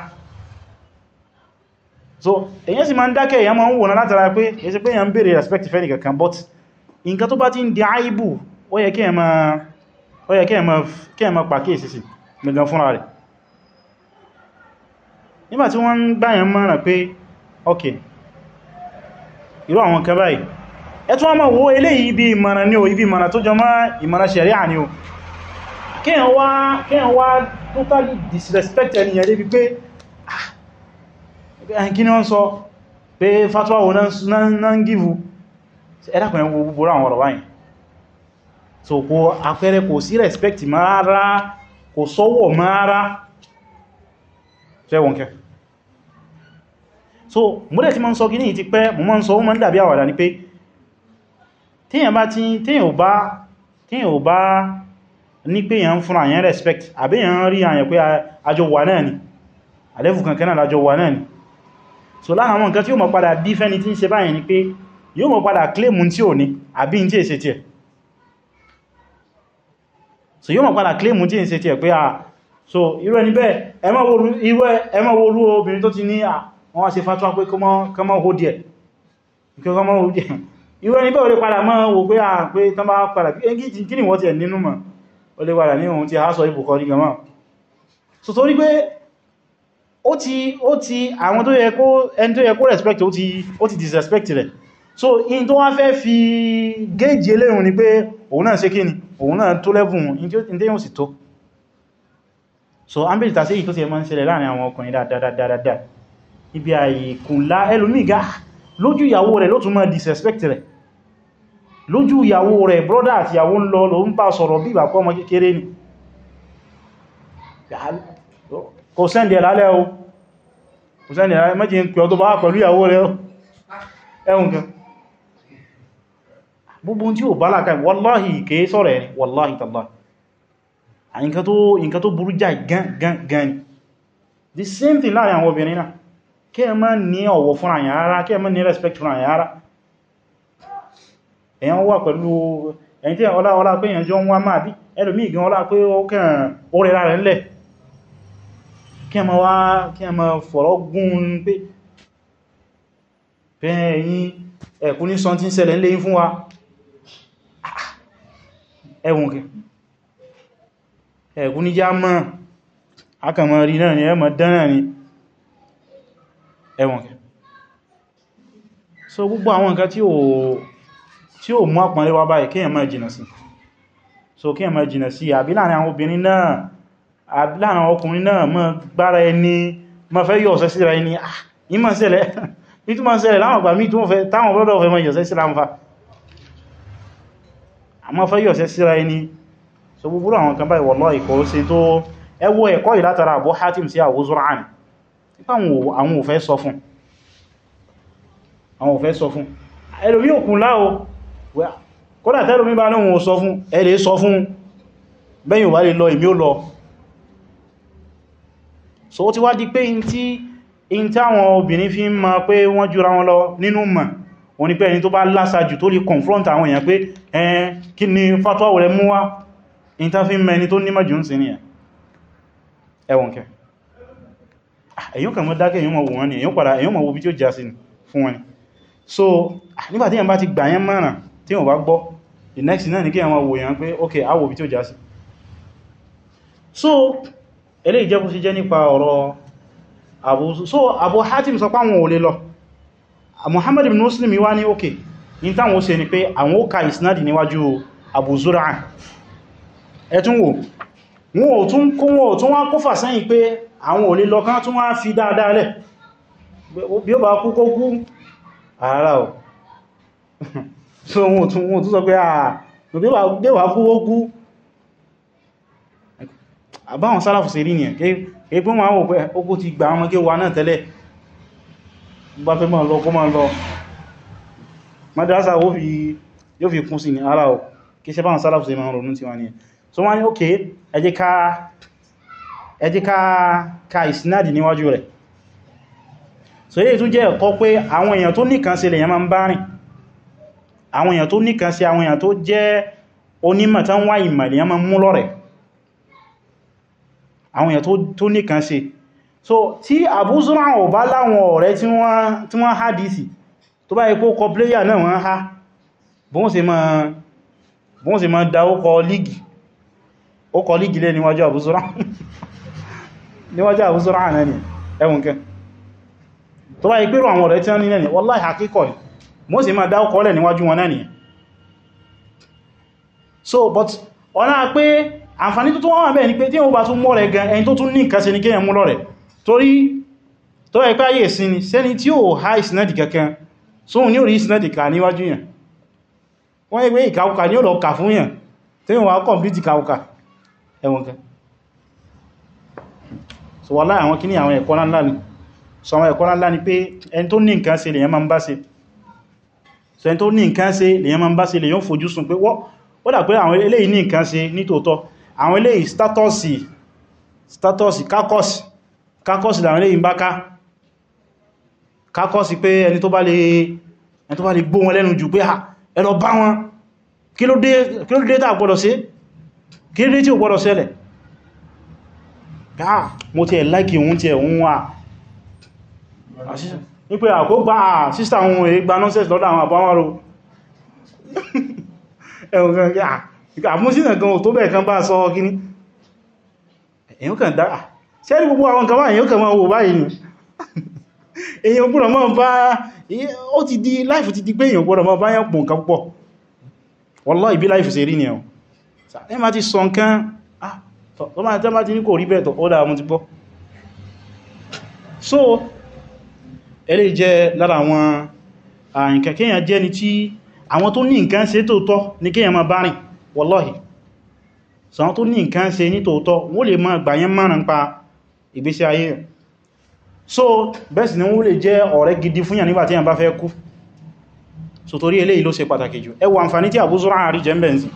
so èyàn sì ma ń dákẹ́ èyàn ma ń wòna látara pé èyí sí pé èyàn ń bèèrè respect fẹ́ nìkankan but nǹkan tó bá ti ń di àìbù ó ma pàkíyè sí gbogbo fúnra rẹ̀ nígbà tí wọ́n ń gbáyàn mọ́ràn pé ok irú àwọn kan báyìí ma wo ibi ìmọ̀ràn ní o ibi ìmọ̀ràn tó jọ mọ́ ìmọ̀ràn ṣẹ̀ríà ni o kéèyàn wá totally disrespect Eh, kí ni wọ́n sọ pé fatwa wo náà ń gífù ẹ̀dàkùn ẹwọ gbogbo àwọn ọ̀rọ̀ wáyìn so kò afẹ́rẹ́ kò sí respect mara kò sọ́wọ́ mara fẹ́wọ̀n kẹ́ so múrẹ̀ tí ma ń sọ gíní ti pẹ́ mú ma ń sọ ó ma ń dàbí àwàdà ní pé tíyàn bá tí tíyàn ò bá ní pé yàn ń fún àyàn respect àbíyàn rí àyàn pé àjọ wà náà ni àlẹ́fù kankan náà àjọ wà náà ni so lára àwọn nǹkan tí ó mọ̀ padà bí fẹ́ni tí ń ṣe báyìí ni pé yóò mọ̀ padà claimu tí ò ní àbí tí è ṣe tí ẹ̀ so yóò mọ̀ padà claimu tí è ṣe tí ẹ̀ pé à ah, so irú ẹni bẹ́ẹ̀ ẹ má worú obìnrin tó ti ní àwọn ah, àṣẹ fatuwa pé kọmọ hó díẹ̀ irú ẹni bẹ́ẹ̀ ó lè padà mọ́ wò pé à ah, pé tán bá padà pé ẹgí kí ni wọ́n ti ẹ̀ nínú mọ̀ ó lè padà ní ohun tí a sọ ibùkọ́ ní gẹ̀mọ́ so torí pé ó ti ó ti àwọn tó yẹ kó ẹni tó yẹ kó respect ó ti ó ti disrespect rẹ̀ so in tó wá fẹ́ fi gauge eléhùn ni pé òun náà ṣe kí ni òun náà tó lẹ́bùn in tí yóò sì tó so ambele tàṣí èyí tó ti ẹmọ́ ń ṣẹlẹ̀ láàrin àwọn ọkùnrin dáadáa ibi àìkùnlá ẹlòmíga lójú ìyàwó rẹ̀ ló tún mọ́ disrespect rẹ̀ lójú ìyàwó rẹ̀ brọ́dá àti ìyàwó ń lọ ló ń bá sọ̀rọ̀ bí ìgbà pọ́ kò sẹ́ndì ẹ̀lálẹ́ o kò sẹ́ndì ẹ̀lálẹ́ méjì ń pẹ̀ ọdún bá pẹ̀lú ìyàwó rẹ̀ ẹ̀hùn gan gbogbo tí ó bá láàkà wọ́láhì kèé sọ́rẹ̀ ẹni wọ́láhì tàbá nǹkan tó ni the same thing láàrin àwọn obìnrin náà kí ẹ má ní ọ̀wọ̀ fún àyà ara kí ẹ má ní respect fún àyà ara ẹlòmí ìgan ọlá pé ó kẹ̀rẹ̀ ó rẹ̀ rẹ̀ lẹ̀ kí ẹ ma ẹ̀kú ní já mọ́ akàmọ̀ rí náà ni ẹmọ̀ dán ni ẹwùn kẹ so gbogbo àwọn nǹkan tí ó mú àpọ̀lẹ́wà báyìí kí ẹ jìnà sí so kí ẹ jìnà sí àbí láàrin àwọn obìnrin náà láàrin ọkùnrin náà mọ́ gbára ẹni mọ́ fẹ́ yọ̀ ọ̀sẹ́ síra ẹni ah, ìmọ̀ ṣẹlẹ̀ ìtumọ̀ ṣẹlẹ̀ láwọn ọgbà mí táwọn brọ́dọ̀ fẹ́ mọ́ yọ̀ọ̀sẹ́ síra ń fa àmọ́ fẹ́ yọ̀ọ̀sẹ́ síra ẹni so gbogbo àwọn kan báyìí wọ́lọ́ ìkọ̀ sí tó ẹwọ́ ẹ̀kọ́ yìí látara Abu Hatim sí Abu Zur'an àwọn ò fẹ́ sọ fún àwọn ò sọ fún ẹlòmí òkun láò kódà tẹ́lòmí bá náà sọ fún ẹ sọ fún bẹ́yìn ò lè lọ ìmí ó lọ so ó ti wá di pé in tí in tí àwọn obìnrin fi ń ma pé wọ́n jura wọn lọ nínú mọ̀ wọ́n ní pé ẹni tó bá lásàjù tó lè confront àwọn èèyàn pé ẹn kí ni fatwa rẹ̀ mú wá in tá fi ń mẹni tó nímọ̀ jù ń sí nìyàn ẹwọ̀n kẹ ah, èyàn kàn mọ́ dákẹ́ èyàn mọ̀ wọ́n ni èyàn padà èyàn mọ̀ wo bí tí ó so ah, nígbà tí èyàn bá ti gbà so ilé ìjẹ́bù sí jẹ́ nípa ọ̀rọ̀ Abu so Abu Hatim sọ páwọn olè lọ Muhammad ibn Muslim wá ní òkè ní táwọn ó ṣe ni pé àwọn ó ka ìsinadi níwájú Abu Zur'a ẹtún wò wọn ò tún kó wọn ò tún wá kófà sẹ́yìn pé àwọn olè lọ kán tún wá fi dáadáa lẹ̀ kó so wọn ò tún sọ pé àà ah, bí ó bá kú àbáwọn sálàfù sí rí nìyàn kéèkéé pé wọ́n wọ́n okó ti gbà ọmọ kí wà náà tẹ́lẹ̀ bá fẹ́ máa lọ kó máa lọ madrasa yóò fi kún sí ní ara ọ̀ kí ṣe báwọn sálàfù sí máa ronú ti wà ní so wọ́n ni ok ẹjẹ́ ká ìsinádì níwájú rẹ̀ so èyí tún jẹ́ ẹ̀kọ́ pé àwọn èèyàn tó nìkan ṣe lèyàn máa ń bá rìn àwọn èèyàn tó nìkan ṣe àwọn èèyàn tó jẹ́ onímọ̀ tán wá ìmọ̀ máa ń mú lọ́rẹ̀ẹ́ àwọn èèyàn tó nìkan ṣe so tí àbúzúrà ò bá láwọn ọ̀rẹ́ tí wọ́n há dìsì tó bá ipò kọ pléyà náà wọ́n há bóhùn sí ma dá ókọ lígì ókọ lígì lẹ́ níwájú àbúzúrà níwájú àbúzúrà náà ni ẹwùn kẹ tó bá ipèrò àwọn ọ̀rẹ́ tí wọ́n ní náà ni wallahi hakíkọ̀ mọ́ sí ma dá ókọ lẹ́ níwájú wọn náà ni so but ọ̀nà pé àǹfàní tó tún wọ́n bẹ́ẹ̀ ni pé tí wọ́n bá tún mọ́ rẹ̀ gan ẹni tó tún ní nǹkan sí ní kíyàn mú lọ rẹ̀ torí tó ẹ̀pẹ́ ayé sí ni sẹ́ni tí ó ha ìsinẹ́dì kankan sóhun ní orí ìsinẹ́dì kà níwájú yàn wọ́n ẹgbẹ́ ìkàwùkà ní ọ̀lọ́ kà ni so àwọn ẹ̀kọ́ ńlá ni pé ẹni tó ní nǹkan ṣe lèyàn máa ń bá ṣe so ẹni dà pé àwọn eléyìí ní nǹkan ṣe nítòótọ́ àwọn eléyìí státọ́sì státọ́sì kákọ́sì kákọ́sì làwọn eléyìí ń bá ká kákọ́sì pé ẹni tó bá lè ẹni tó bá lè gbó wọn lẹ́nu jù pé ẹ lọ bá wọn kí ló dé tá gbọ́dọ̀ sí kí ló dé tí ò gbọ́dọ̀ ṣẹlẹ̀ gáà mo ti ẹ̀ àmúsínà gan tó bẹ̀ kan bá sọ kíní èyàn kan dára ah, ṣẹ́rí gbogbo àwọn kan báyìí yóò kàn máa wò báyìí ni èyàn gbọ́dọ̀ máa bá ó ti di láìfù ti di pé èyàn gbọ́dọ̀ máa bá yàn pùn kan pọ̀ wallahi bí láìfù ṣe rí ni ẹ̀hùn ẹ ma ti sọ nǹkan tó máa tẹ́ bá ti ní kò rí bẹ́ẹ̀ tó ọ́dá mú ti bọ́ so ẹlẹ́ jẹ́ lára àwọn àyìnkẹ́kẹ́yàn jẹ́ ni tí àwọn tó ní nǹkan ṣe tó tọ́ ní kéyàn máa bá rìn wallahi sàwọn tó ní nǹkan ṣe ní tòótọ́ wọ́n lè máa gbàyẹn márùn pa ìgbésí ayé so bẹ́ẹ̀sì ni wọ́n lè jẹ́ ọ̀rẹ́ gidi fún yàn nígbà tí yàn bá fẹ́ kú so torí eléyìí ló ṣe pàtàkì jù ẹ wo àǹfààní tí Abu Zur'a rí jẹ́mbẹ̀nsì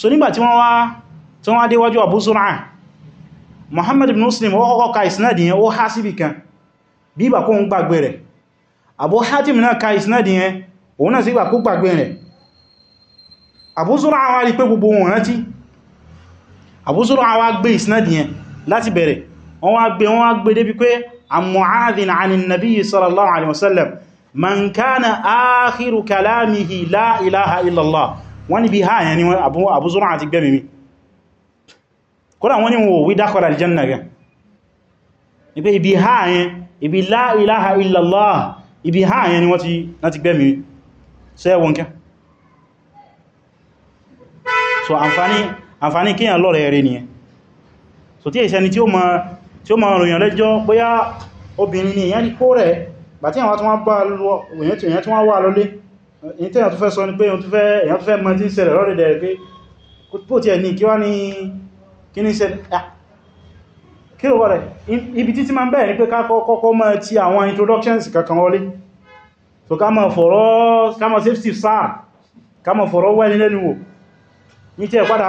so nígbà tí wọ́n wá tí wọ́n adéwájú Abu Zur'a Muhammad ibn àbúzúrà àwọn arí pé gbogbo wọn rántí àbúzúrà àwọn agbé ìsinadi yẹn láti bẹ̀rẹ̀ wọ́n wá gbé wọ́n wá gbé débi pé àmọ̀ádìn àninàbí sallallahu alaihi wasallam man kana áhìrù kalamihi la ilaha illallah wọ́n ni bí ha yẹn ni àbúzúrà àti gbẹ̀mìmí kódà wọ́n ni wọ́n wí dákọ̀rà aljanna gan ibi ibi ha yẹn ibi la ilaha illallah ibi ha yẹn ni wọ́n ti gbẹ̀mìmí sẹ́wọ̀n kẹ́ so àǹfàní àǹfàní kíyàn lọ́rẹ̀ rẹ̀ nìyẹn so tí ìṣẹ́ni tí ó ma tí o ma ròyìn lẹ́jọ́ bóyá obìnrin ni èyàn kó rẹ̀ bà tí àwọn tó wọ́n bá èyàn tó wọ́n wà lọ́lé èyàn tó fẹ́ sọ ni pé èyàn tó fẹ́ mọ́ tí ń ṣẹlẹ̀ lọ́rẹ̀ dẹ̀ pé kò tí ẹ̀ ní kí wá ní kí ní ṣẹlẹ̀ kí ó rẹ̀ ibi títí ma ń bẹ̀rẹ̀ ní pé ká kọ́kọ́ ti àwọn introductions kankan wọlé so ká mọ̀ fọ̀rọ̀ ká mọ̀ safety sáà ká mọ̀ fọ̀rọ̀ wẹ́ni lẹ́nu wò ní tí ẹ̀padà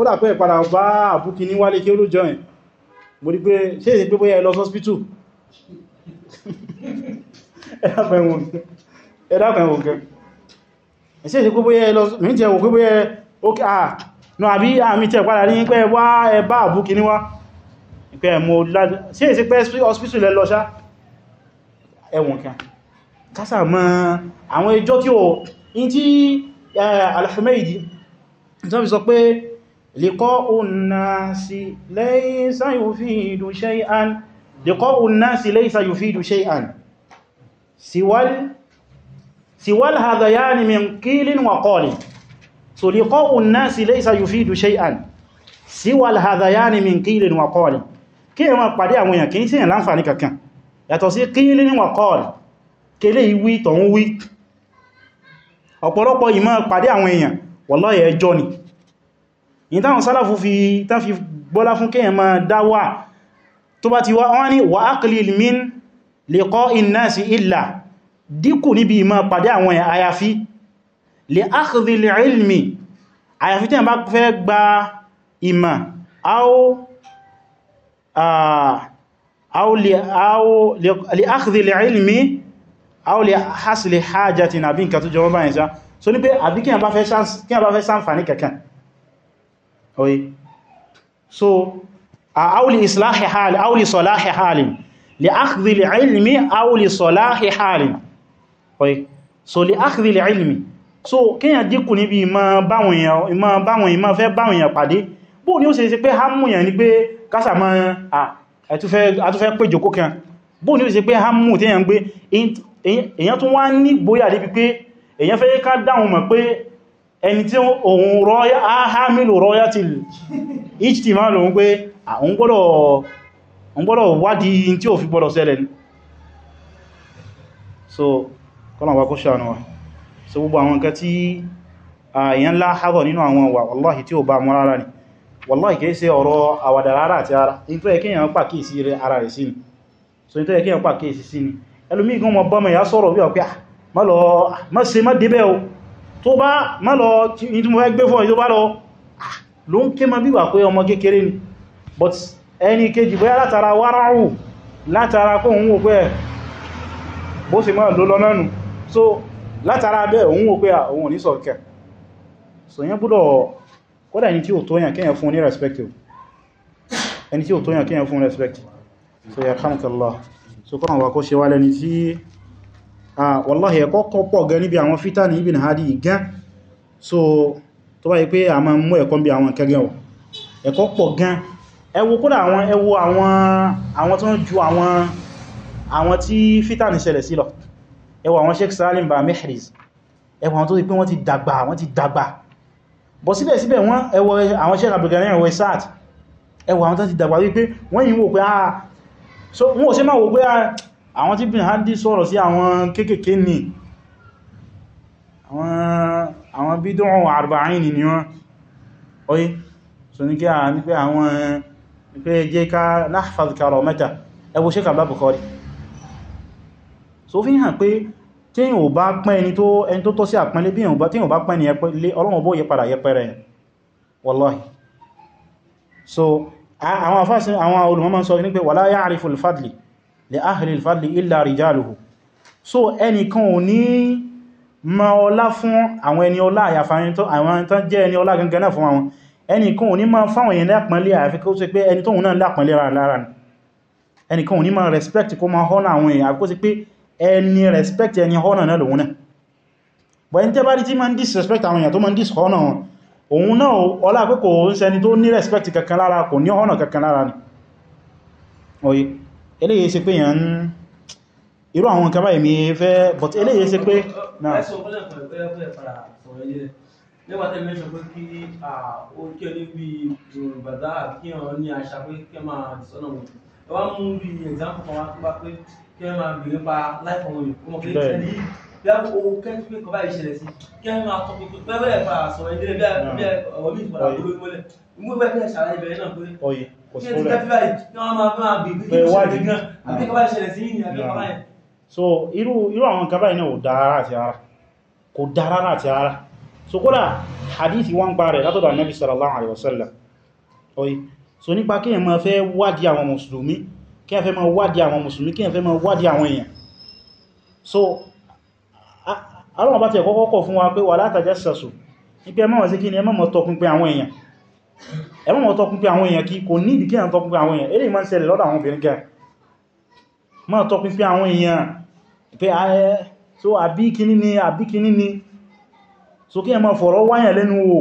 ó dà pé ẹ̀padà bá àbúkí ní wálé kí ó ló jọin mo rí pé ṣe èsì pé bóyá ẹ lọ sọ́spítù ẹ̀dàpẹ̀wọ̀n kẹ́ ṣe èsì pé bóyá ẹ lọ mí tí ẹ̀wọ̀n pé bóyá ókè àà náà àbí àmì tí ẹ̀padà ní pé wá ẹbá àbúkí ní wá pé ẹ̀mọ́ ṣe èsì pé ọ́spítù lẹ lọ ṣá ẹ̀wọ̀n kẹ́ kásà mọ́ àwọn ẹjọ́ tí ó in tí tó fi sọ pé liqa'u nnasi laysa yufidu shay'an liqa'u nnasi laysa yufidu shay'an siwal siwal hadhayani min qilin wa qawlin so liqa'u nnasi laysa yufidu shay'an siwal hadhayani min qilin wa qawlin kí ẹ máa pàdé àwọn èèyàn kì í ṣe èèyàn láǹfààní kankan yàtọ̀ sí qilin wa qawlin kele ìwí tọ̀hún wí ọ̀pọ̀lọpọ̀ ìmọ̀ pàdé àwọn èèyàn wallahi ẹjọ́ ni yìí táwọn sálàfú fi tán fi bọ́lá fún kíyàn máa dáwà tó bá ti wá wọ́n ni wà aqlil min liqa'i nnasi illa díkù níbi ìmọ̀ pàdé àwọn àyàfi li akhdhil ilmi àyàfi tí wọ́n bá fẹ́ gba ìmọ̀ aw li akhdhil ilmi aw li hasli so ní pé àbí kí àbá fẹ́ ṣàǹfàní kẹ̀kẹ́ oye so àáwùlì islahi hali àáwùlì sọláhi hali lè ákìdìlì ilmi àáwùlì sọláhi hali oye so lè ákìdìlì ilmi so kíyàn díkù níbi ìmọ̀ báwọn ìmọ̀ fẹ́ báwọn èèyàn pàdé bó ní ó ṣe ṣe pé hámùyàn ní pé kásà mọ́ àtúfẹ́ pé jòkó kan bó ní ó ṣe pé hámù tí èèyàn gbé èèyàn tún wá ní gbóyà débi pé èyàn fẹ́ ká dáhùn mọ̀ pé ẹni tí òun rọ́yá ahamilu rọ́yá ti ìjìtì máa lòun pé àwọn gbọ́dọ̀ wádìí tí ò fi gbọ́dọ̀ ṣẹlẹ̀ ní so kọ́nà wá kó ṣàánú wa so gbogbo àwọn nǹkan tí èyàn láhàrọ̀ nínú àwọn wà wallahi tí ò bá mọ́ rárá ni wallahi kìí ṣe ọ̀rọ̀ àwàdà rárá àti ara in tó yẹ kí èyàn pàkíyèsí ara rẹ̀ sí ni so in tó yẹ kí èyàn pàkíyèsí sí ni ẹlòmí gan mọ bọ́mọ̀ ya sọ̀rọ̀ bí ọ̀pẹ́ má lọ má ṣe má débẹ̀ o tó bá má lọ ní tí mo fẹ́ gbé fún ìjọba lọ ah, ló ń ké ma bí wà pé ọmọ kékeré ni but ẹni kejì bóyá látara wáràrù látara kó òun wò pé ẹ̀ bó sì máa ló lọ nánu so látara bẹ́ òun wò pé òun ò ní sọ̀kẹ̀ so yẹn búdọ̀ kódà ẹni tí ò tóyàn kéyàn fún ní respective ẹni tí ò tóyàn kéyàn fún respect so yarhamukallah so kọ́nà wà ṣe wá lẹ́ni tí Ah, wàláhì ẹ̀kọ́ kọ́ pọ̀ gan níbi àwọn fítàní Ibn Hadi gan so tó bá yí pé a máa mú ẹ̀kọ́ bí àwọn kẹgẹ́ ọ̀ ẹ̀kọ́ pọ̀ gan ẹ wo kódà àwọn ẹ wo àwọn àwọn tó ń ju àwọn àwọn tí fítàní ṣẹlẹ̀ sí lọ ẹ wo àwọn Sheikh Salim Ba Mihriz ẹ wo àwọn tó ti pé wọ́n ti dàgbà wọ́n ti dàgbà bọ̀ síbẹ̀síbẹ̀ wọ́n ẹ wo àwọn Sheikh Abdulgani ẹ̀wọ̀ Sa'd ẹ wo àwọn tó ti dàgbà wípé wọ́n yìí wò pé ah so wọ́n ò ṣe máa wò pé ah àwọn tí bin hadi sọ̀rọ̀ sí àwọn kéékèèké ní àwọn bídùn àrbàáyìn ni wọ́n oye so ní kí a ní pé àwọn pé jẹ́ ká láhfàz karọ mẹ́ta ẹwọ ṣe kàbá bukori so fi hàn pé tí yíò bá pẹ́ ẹni tó ẹni tó tọ́ sí àpẹẹlẹ́ bí yíò bá so àwọn afásin àwọn olùmọ́mọ́ sọ ní pé wala ya'riful li ahli al-fadli illa rijaluhu so ẹnìkan ò ní ma ọlá fún àwọn ẹni ọlá àyàfàyìn tó àwọn tán jẹ́ ẹni ọlá gangan náà fún àwọn ẹnìkan ò ní ma fáwọn èèyàn lápọ̀nlé àyàfi kó ṣe pé ẹni tóhun náà ò ní ma respect kó ma họ́nà àwọn èèyàn àkó respect ẹni họ́nà náà lòun náà bọ̀ ẹni tẹ́bá rí tí disrespect àwọn èèyàn tó ma ń dishọ́nà wọn òun náà ọlá pé ń ṣẹni tó ní respect kankan lára kò ní họ́nà kankan lára ni oye eléyìí ṣe pé yàn ń irú àwọn nǹkan báyìí fẹ́ but eléyìí ṣe pé náà nígbàtẹ́ mẹ́sàn pé kí ó kí ọ ní bí yorùbàdá kí ọ ní àṣà pé kí máa dìsọ́nà wọn ẹ wá mú bí example kan wá tó bá pé kí ẹ máa bèèrè pa so irú irú àwọn kan báyìí náà ò dára àti ara kò dára àti ara so kódà hadithi wọ́n gba rẹ̀ látọ̀dọ̀ Ànábì sallallahu alaihi wasallam oyi so nípa kíyàn máa fẹ́ wádìí àwọn mùsùlùmí kíyàn fẹ́ máa wádìí àwọn mùsùlùmí kíyàn fẹ́ máa wádìí àwọn èèyàn so a alọ́wọ́ bá ti ẹ̀kọ́kọ́ kọ̀ fún wa pé wala tajassasu ní pé ẹmọ́ wọ́n sí kí ni ẹmọ́ mọ́ tọpinpin àwọn èèyàn ẹ̀mọ́ mọ́ tọkún pé àwọn èèyàn kí kò ní ìdíkẹ́ àwọn tọkún pé àwọn èèyàn eléyìí máa ń ṣẹlẹ̀ lọ́dọ̀ àwọn obìnrin gan máa tọkún pé àwọn èèyàn pé ayẹ́ ah, so àbí kíní ni àbí kíní ni so kí ẹ máa fọ̀rọ̀ wáyàn lẹ́nu wò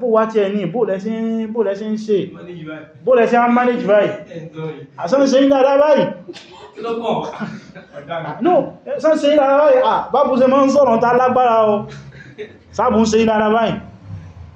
bó wá tí ẹ ní bóòlẹ́sí ń ṣe bóòlẹ́sí á manage báyìí àsánṣe ń dáadáa báyìí no sánṣe ń dáadáa báyìí ah bábúṣe máa ń sọ̀rọ̀ ta lágbára o sábùn ṣe ń dáadáa báyìí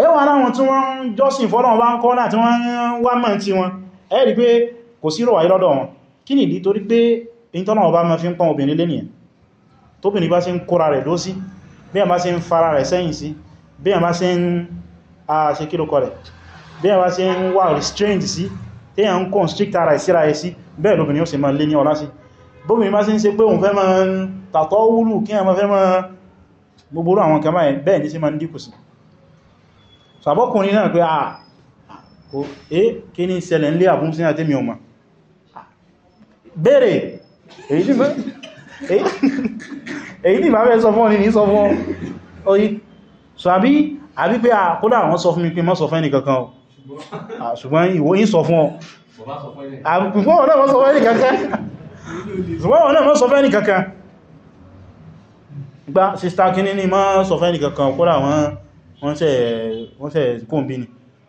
ẹwà aláwọn tí wọ́n ń jọ́sìn fọ́lọ́wọ́n bá ń kọ́ náà tí wọ́n wá mọ̀ tí wọ́n ẹ̀rí pé kò sí rọ̀wà ìlọ́dọ̀ wọn kí nìdí torí pé ìntọ́nà ọba ma fi ń pọ́n obìnrin lé nìyẹn tóbìnrin bá ṣe ń kóra rẹ̀ dó sí bí a bá ṣe ń fara rẹ̀ sẹ́yìn sí bí a bá ṣe ń ṣe kílùkọ rẹ̀ bí a bá ṣe ń wà restrained sí tí a ń constrict ara ìsíra ẹ̀ sí bẹ́ẹ̀ lóbìnrin ó sì máa lé ní ọlá sí bóbìnrin bá ṣe ń ṣe pé òun fẹ́ máa tàtọ́ sàbọ́kùnrin náà pé àà kò é kí ní ṣẹlẹ̀ ń lé àbúnsí àti mi ọmọ bẹ̀rẹ̀ èyí tí bàbẹ́ sọ fún ọ ní ní sọ fún orí so àbí àbí pé àkódà àwọn sọ fún mi pé má sọ fún ẹni kankan ṣùgbọ́n ìwọ yí sọ fún ọ ṣùgbọ́n sista kí ní ní má sọ fún ẹni wọ́n sẹ̀ wọ́n sẹ̀ kóhùn bí ni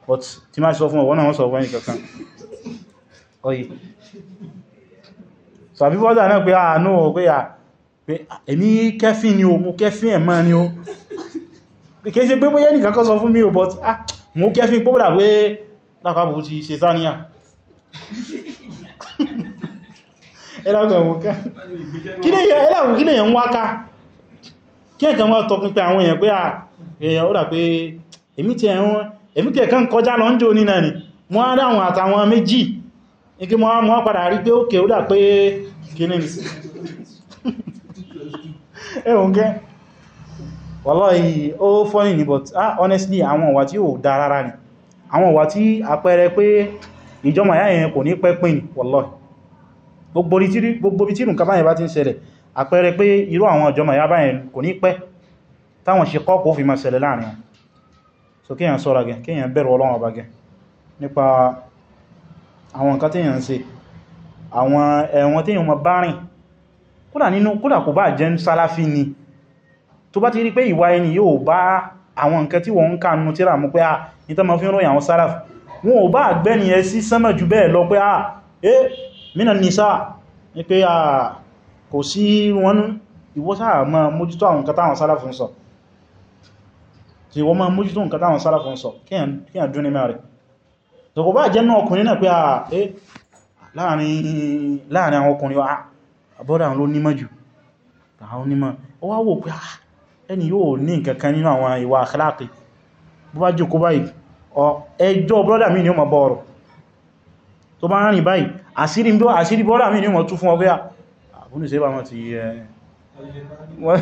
but tí máa sọ fún ọ̀wọ́ náà wọ́n sọ fún ẹnìkankan ọyí sàbí bọ́dà náà pé àánú ah, ọ̀ pé à ah, pé ah, èmi kẹfí ni o mú kẹfí ẹ̀ máa ni o kìí ṣe pé bóyá nìkankan sọ fún mi o but ah mú kẹfí pọ́bọ̀dà pé lápapọ̀ ti ṣe sáníà ẹlàkùn kí ni èyàn wáká kí ẹ̀kàn wá tọpinpin àwọn èèyàn pé èèyàn ó dà pé èmi tí ẹ̀wọ́n èmi tí ẹ̀kan kọjá lọ ń jò ní náà ni wọ́n á dáhùn àtàwọn méjì igi wọ́n mọ́ padà rí pé ókè ó dà pé kìíní nìsí ẹ̀hùn gẹ́ wallahi ó ah, ni àwọn ọ̀wà tí àpẹẹrẹ pé ìjọmọ̀ yá yẹn kò ní pẹ́ pín wallahi gbogbo bí tí nǹkan báyẹn bá ti ń ṣẹlẹ̀ àpẹẹrẹ pé irú àwọn ìjọmọ̀ yá báyẹn kò ní pẹ́ táwọn ṣe kọ́kọ́ fi máa ṣẹlẹ̀ láàrin wọn so kíyàn sọ́ra gẹ kíyàn bẹ̀rù Ọlọ́run ọba gẹ nípa àwọn nǹkan tíyàn ń ṣe àwọn ẹ̀wọ̀n tíyàn mọ bá rìn kódà nínú kódà kò bá jẹ́ sálàfí ni tó bá ti rí pé ìwà ẹni yóò bá àwọn nǹkan tí wọ́n ń kà nínú tíra mú pé à ah, ní tó ma fi ń ròyìn mọ́ ah, eh, ah, mójútó àwọn nǹkan táwọn sálàfí ń sọ so ìwọ ma mójútó nǹkan táwọn sálàfún sọ kíyàn dún ní mẹ́rẹ̀ so kò bá jẹ́ náà ọkùnrin náà pé à ah, ẹ́ láàrin àwọn ọkùnrin wa ah, àbọ́dà ló nímọ̀ jù àwọn onímọ̀ ó wá wò pé à ah, ẹni yóò ní nǹkan kan nínú àwọn ìwà àkíláàkì bó bá jù kó báyìí ẹjọ́ brọ́dà mi ni ó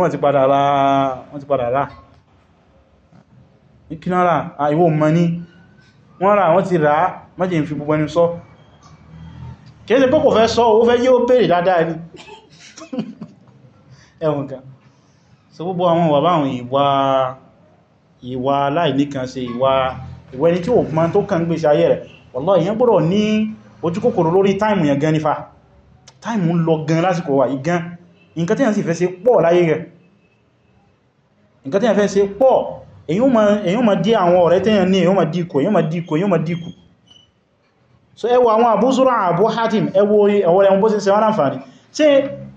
wọ́n ti padà rà wọ́n ti padà rà ìkínára àìwò mọ́ ní wọ́n rà wọ́n ti rà mẹ́jì ń fi gbogbo ẹni sọ kìí ṣe pé kò fẹ́ sọ owó fẹ́ yíó bèèrè dáadáa ní ẹ̀wọ̀n kan so gbogbo àwọn wà báwọn ìwà ìwà aláìníkan ṣe ìwà ìwà ẹni tí ò mọ̀ tó kàn gbèsè ayé rẹ̀ wallahi èèyàn gbọ́dọ̀ ní ojú kòkòrò lórí táìmù yẹn gan nífà táìmù ń lọ gan lásìkò wà yìí gan nǹkan tí yàn sì fẹ́ ṣe pọ̀ láyé rẹ̀ nǹkan tí yàn fẹ́ ṣe pọ̀ èyàn ma dí àwọn ọ̀rẹ́ tí ní èyàn ma díkù èyàn ma díkù èyàn ma díkù so ẹwọ àwọn Abu Zur'a Abu Hatim ẹwọ ọwọ́ ẹwọ bó ṣe ṣe wọ́n láǹfààní ṣe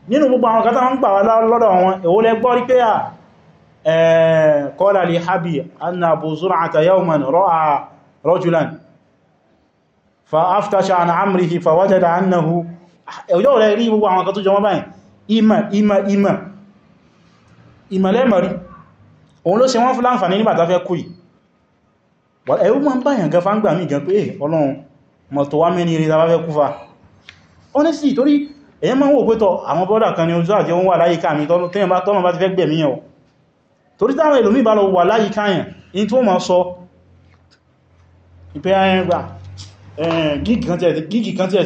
nínú gbogbo àwọn kátà ń gbà wá lọ́dọ̀ wọn èwo lẹ gbọ́ rí pé à qala li Habi anna Abu Zur'ata yawman ra'a rajulan fa aftasha an amrihi fa wajada annahu ẹ̀wọ́ rẹ̀ rí gbogbo àwọn kan tó jọmọ́ báyìí ìmọ̀ ìmọ̀ ìmọ̀ ìmọ̀lẹ́mọ̀rí òun ló ṣe wọ́n fún láǹfàní nígbàtà fẹ́ kú yìí ẹ̀rù mọ́ ń báyàn gan fáńgbà mí gan pé eh, ọlọ́run mọ̀tọ̀ wá mẹ́rin rí tàbá fẹ́ kú fa honestly torí èyàn máa ń wò pé tọ àwọn bọ́dà kan ni ojú àjẹ́ wọ́n wà láyìíká mi tọ́nà bá ti fẹ́ gbẹ̀mí ẹ̀ torí táwọn èlòmí bá lọ wà láyìíká yẹn in tó mọ̀ sọ ìpẹ́ ayẹngbà eh, eh, gígì kan tẹ̀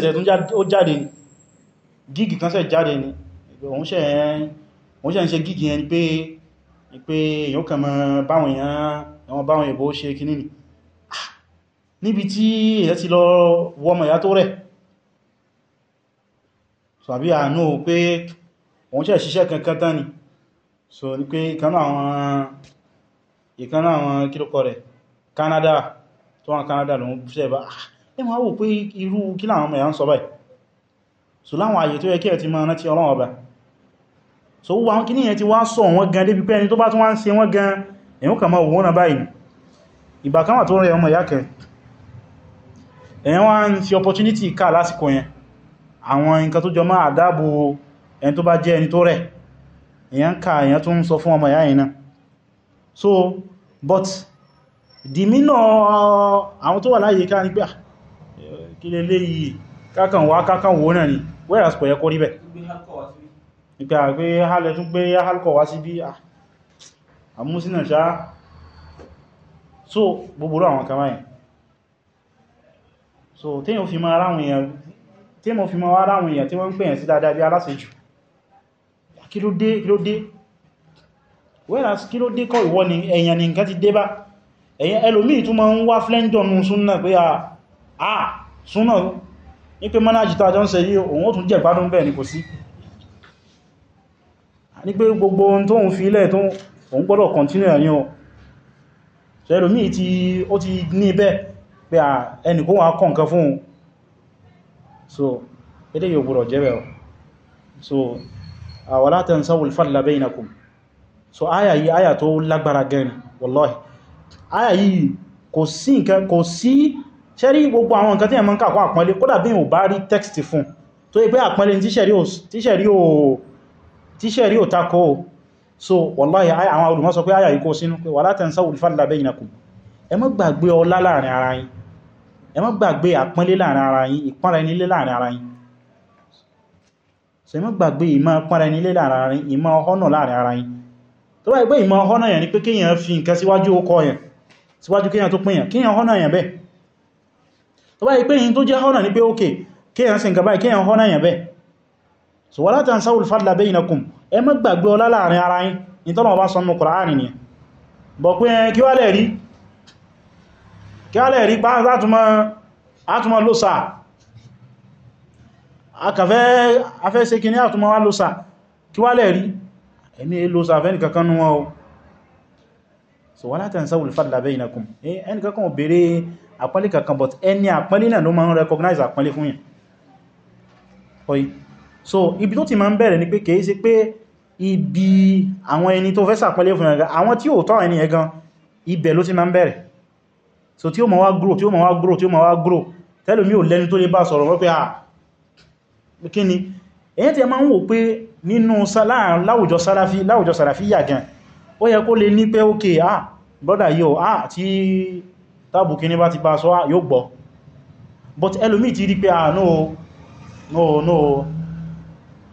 jáde ni òun ṣe ń ṣe gígì ẹni pé èyàn kàn mọ́ báwọn èèyàn àwọn báwọn èèbó ṣe kìíní nì ah, níbi tí èyàn ti lọ wọ́mọ̀ ìyá tó rẹ̀ so àbí àánú pé òun ṣe ṣiṣẹ́ kankan tán ni so ní pé ìkan àwọn ìkan rẹ̀ Canada tó wọn Canada lòun ṣe bá ah, ẹmọ wò pé irú kí láwọn ọmọ ìyá ń sọ báyìí so wọ́n wọn kíníyàn ti wá sọ wọn gan débi pé ẹni tó bá tún wá ń ṣe wọn gan èyàn kàn máa wọ́n náà báyìí ìgbà kan wà tó rẹ̀ ọmọ ìyá kẹ èyàn wá ń fi opportunity ká lásìkò yẹn àwọn nǹkan tó jọ máa àdábò ẹni tó bá jẹ́ ẹni tó rẹ̀ èyàn ká èyàn tó ń sọ but dìmínà àwọn tó wà láyé ká ní pé ah, kí lè léyìí kákan wá kákan wò náà ni whereas kò nípa àgbé hálẹ̀ tún gbé hálkọ̀ wá sí bí àmúsínà ṣáá so gbogbo àwọn kan báyìí so tí mo fi ma ráwọn èèyàn tí wọ́n ń pèèyàn sí dáadáa bí aláṣejù kí ló dé kí ló dé whereas kí ló dé kọ́ ìwọ ni èèyàn ni nǹkan ti dé bá èèyàn ẹlòmíì tún máa ń wá flẹ́ńjọ nù súnnà pé à súnnà ní pé mánájì tàjọ́ ń ṣe yí òun ó tún jẹ́ ìgbádùn bẹ́ẹ̀ ni kò sí ní pé gbogbo ohun tó ń fi ilẹ̀ tó ń gbọ́dọ̀ continue ní o so ẹlòmí tí ó ti ní bẹ́ pé à ẹnìkó wọn kọ́ nǹkan fún so ilé yóò gbọ́dọ̀ jẹ́bẹ̀ so wala tansawul fadla bainakum so aya yìí aya tó lágbára gẹni wallahi aya yìí kò sí nǹkan kò sí ṣẹ́rí gbogbo àwọn nǹkan tí ẹ̀mọ́ ń kàkọ́ àpọ́nlé kódà bí ò bá rí text fún tó yí pé àpọ́nlé tí ṣẹ̀rí ò tí ṣẹ̀rí ò takò so wallahi àwọn olùmọ̀ sọ pé àyà yìí kó sínú pé wala tansawu al-fadla bainakum ẹ má gbàgbé ọlá láàrin ara yín ẹ má gbàgbé àpọ́nlé láàrin ara yín ìpọ́nra ẹni lé láàrin ara yín so ẹ má gbàgbé ìmọ̀ pọ́nra ẹni lé láàrin ara yín ìmọ̀ ọ̀nà láàrin ara yín tó bá ìgbé ìmọ̀ ọ̀nà yẹn ni pé kéèyàn fi nǹkan síwájú ó kọ yẹn síwájú kéèyàn tó so wala tansaw al-fadla baynakum ẹ má gbàgbé ọlá láàrin ara yín ní tọ́lọ̀ bá sọ Kùránì ni bọ̀ pé eh, kí wá lẹ́rí kí wá lẹ́rí pa átùmọ̀ lósà akàfẹ́ afẹ́sẹ́ kí ní átùmọ̀ wá lósà kí wá lẹ́rí ẹ̀mí lósà fẹ́ nìkankan nú wọn so wala tansaw al-fadla baynakum eh, ẹni kankan ò bèèrè àpọ́lé kankan but ẹni recognize àpọ́lé fún yẹn so ibi tó ti máa ń bẹ̀rẹ̀ ni pé kìí ṣe pé ibi àwọn ẹni tó fẹ́ sàpẹ́lẹ̀ fún ẹ̀gá àwọn tí ò tọ́ ẹni ẹ̀gan ibẹ̀ ló ti máa ń bẹ̀rẹ̀ so tí ó máa wá grow tí ó máa wá grow tí ó máa wá grow tẹ́lòmí ò lẹ́ni tó lè bá sọ̀rọ̀ wọ́n pé à ah, kí ni èyí tí a máa ń wò pé nínú láwùjọ sàráfí láwùjọ sàráfí yà gan ó yẹ kó lè ní pé ókè à brọ́dà yóò à but ẹlòmí ti rí ah, no no no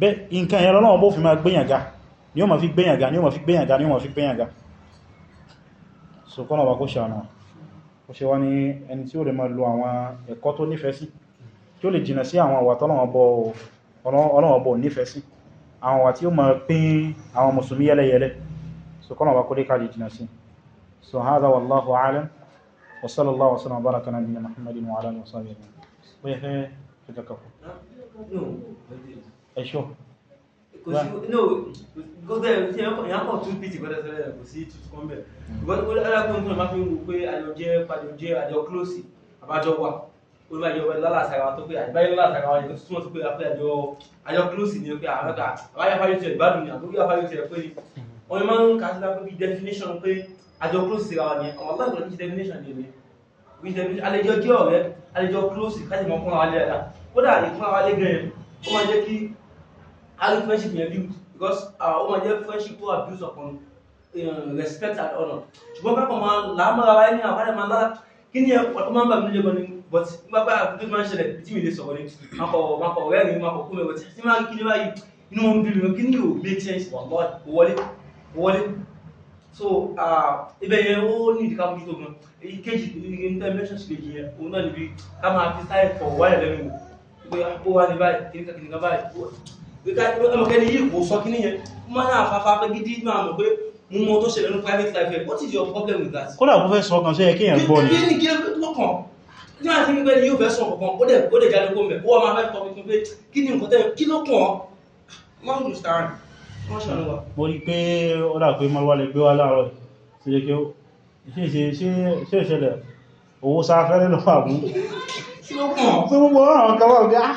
bẹ́ nǹkan ẹ̀rọ náà bó fi ma gbẹ́yànga ni ó ma fi gbẹ́yànga ni ó ma fi gbẹ́yànga ni ó ma fi gbẹ́yànga so kọ́nà wa kó ṣe àná ó ṣe wá ní ẹni tí ó lè ma lo àwọn ẹ̀kọ́ tó nífẹ̀ẹ́ sí tí ó lè jìnà sí àwọn àwà tọ́lọ́wọ́ bọ̀ nífẹ̀ẹ́ sí àwọn àwà tí ó ma pín àwọn mùsùlùmí yẹlẹyẹlẹ so kọ́nà wa kó lè ká lè jìnà sí so hadha ẹ̀ṣọ́. kò sí no kò tẹ ìyá kan tún bìtì kọ́tà sẹ́lẹ̀ kò sí tuntun kan bẹ̀ because ó lára pé nǹkan máa fi ń wo pé àjọ jẹ́ àjọ jẹ́ àjọ close àbájọ wà ó máa yọ ọbẹ̀ lálàsára tó pé àgbáyé lálàsára wa yóò túmọ̀ sí pé àpé àjọ àjọ close ni pé àwọn ọ̀gá àbáyé afáyé tiẹ̀ ìbádùn ni àbúrò afáyé tiẹ̀ pé wọ́n máa ń kà sí lápẹ́ bí definition pé àjọ close ra wa ni àwọn aláìkọ̀ ní definition ni èmi àlejò jẹ́ ọ̀rẹ́ àlejò close kájìmọ̀ fún àwọn alẹ́ ẹ̀dá kódà ìfún àwọn alẹ́ gẹ̀rẹ̀ ó máa jẹ́ kí how the friendship yẹn build because uh, ó máa jẹ́ friendship tó abuse upon uh, respect and honour ṣùgbọ́n kákan máa làámọ́ra wáyé ní àwọn àdàmọ́ alára kí ni ọ̀tọ́ máa ń bà mí lóye gan ni but nígbà bá àbújá máa ń ṣẹlẹ̀ bí tí mi lè sọ̀rọ̀ ni máa kọ̀ máa kọ̀ rẹ́rìn-ín máa kọ̀ kú mẹ́wọ̀ tí máa kí ni báyìí inú wọn bí mi kí ni yóò make sense wà lọ́wọ́ wọlé wọlé so ibẹ̀ yẹn ó ní ìdíkà mú tó gan èyí kéjì intervention kejì yẹn òun náà níbi ká máa fi sáyẹ̀ fọ̀ wáyà lẹ́nu wò pé ó wà ní báyìí kí ẹmọ̀kẹ́ni yìí kò sọ kíní yẹn mọ́ náà fàfà pẹ́ gidi máa mọ̀ pé mú mọ́ tó ṣẹlẹ̀ ní private life what is your problem with that kódà kó fẹ́ sọ kan sẹ́yẹ kí èèyàn gbọ́ ni kí ní lọ́kàn ní àti wípé ni yóò fẹ́ sọ kankan ó dẹ̀ ó dẹ̀ jáde kó mẹ́ ó wà máa fẹ́ sọ fífún pé kí ni nǹkan tẹ́lẹ̀ kí lọ́kàn máa ń sàn mo rí pé ó dà pé mọ́lúwà lè gbé wá láàárọ̀ ṣe jẹ́ kí ó ṣe ìṣẹ̀lẹ̀ owó sáfẹ́rẹ́ lọ́wọ́ àbú ṣe ó kàn fún gbogbo àwọn kan wà bí ah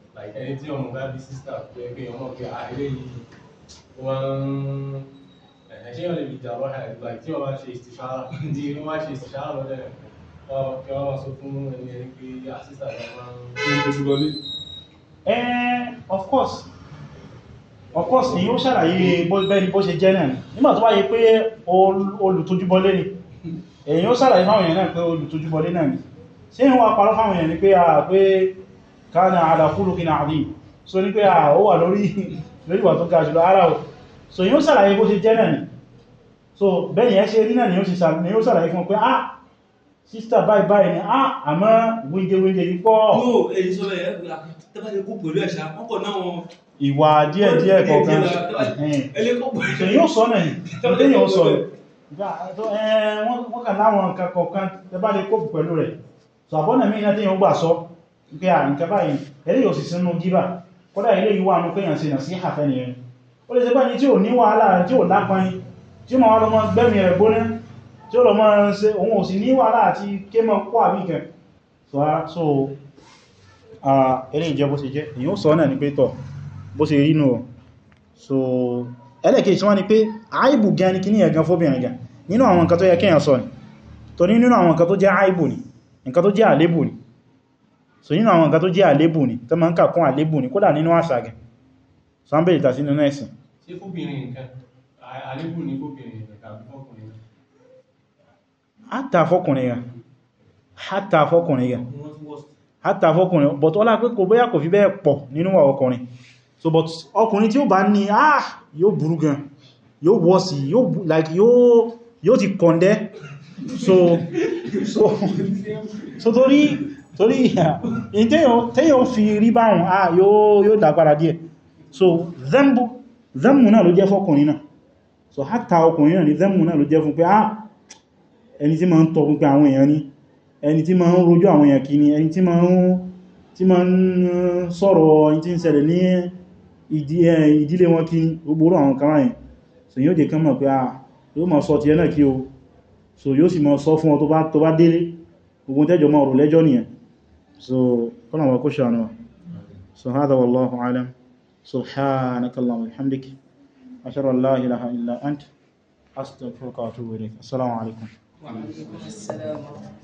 like ẹni tí ọmọ bá bí sísá pé pé ọmọ pé àìlè yìí wọn ẹṣẹ yóò lè fi jà wáhà like tí wọn bá ṣe ìṣìṣàrà di wọn bá ṣe ìṣìṣàrà lọdẹ wọn kí wọn bá sọ fún ẹni ẹni pé àṣìṣà rẹ máa ń dojú wọlé. ẹ of course of course ni yóò ṣàlàyé bẹ́ẹ̀ ni bó ṣe jẹ́ náà nígbà tó wáyé pé olùtójúbọlé ni èyí yóò ṣàlàyé fáwọn èèyàn náà pé olùtójúbọlé náà ni ṣé ìwọ̀n apàrọ̀ fáwọn èèyàn ni pé kana ala khuluqin adhim so ní pé ah, ó wà lórí ìwà tó ga jùlọ ara ò so yíó sàlàyé bó ṣe jẹ́ náà ni so bẹ́yìn ẹ́ ṣe rí náà ni yíó sàlàyé fún pé ah sísta báyìí báyìí ni ah àmọ́ wíjẹwíjẹ yìí pọ̀ ìwà díẹ̀díẹ̀ kọ̀ọ̀kan so yíó sọ náà ni yíó sọ wọ́n kà láwọn kọ̀ọ̀kan tẹ́bá lè kó pẹ̀lú rẹ̀ so àbọ́nà mí pé à ń kẹba yìí ẹ̀lẹ́ yóò sì sínú gíbà kódà ilé ìwà ní pé yàn sí ìrìnsí àfẹ́ ni ẹni ó lè sẹ́gbẹ́ ni tí ò ní wàhálà tí ò lápọn tí ma wá lọ mọ́ gbẹ́mì ẹ̀ tí ó lọ ṣe òun ò sì ní wàhálà àti so ẹ̀lẹ́ ah, ah, ìjẹ́ bó ṣe jẹ́ èyí ó sọ ni pé tọ̀ bó so ẹlẹ́kẹ̀ẹ́ tí wọ́n ni pé àìbù gan ni kí ní ẹ̀gan fóbìnrin gan nínú àwọn nǹkan tó yẹ kéèyàn sọ ni torí nínú jẹ́ àìbù ni so nínú àwọn nǹkan tó jẹ́ àlébù ni tó ma ń kàkún àlébù ni kódà nínú àṣà gẹ̀ so wọ́n bèèrè tàsí nínú ẹ̀sìn ṣé fóbìnrin nǹkan àlébù ni fóbìnrin nǹkan fọ́kùnrin rẹ̀ hátà fọ́kùnrin rẹ̀ hátà fọ́kùnrin rẹ̀ hátà fọ́kùnrin rẹ̀ but ọlá so but ọkùnrin tí ó bá ní ah yóò burú gan yóò wọ́sì yóò ti so so so torí torí in téyàn fi rí báhùn a ah, yóò lágbára díẹ̀ so zembu zembu náà ló jẹ́ fọ́kùnrin náà so hátà ọkùnrin náà ni zembu náà ló jẹ́ fún pé a ah, ẹni tí ma ń tọrọ pé àwọn èèyàn ni ẹni tí ma ń rojú àwọn èèyàn kì ní ẹni tí ma ń eh, sọ̀rọ̀ ẹni tí ń ṣẹlẹ̀ ní eh, ìdílé wọn kí gbogbo àwọn kan so yóò jẹ́ kán mọ̀ pé a ah, yóò ma sọ ti ẹ náà kí o so yóò sì ma sọ fún ọ tó bá délé ogun tẹ́jọ ma rò lẹ́jọ́ nìyẹn هذا والله أعلم سبحانك اللهم وبحمدك أشهد أن لا إله إلا أنت أستغفرك وأتوب إليك السلام عليكم وعليكم السلام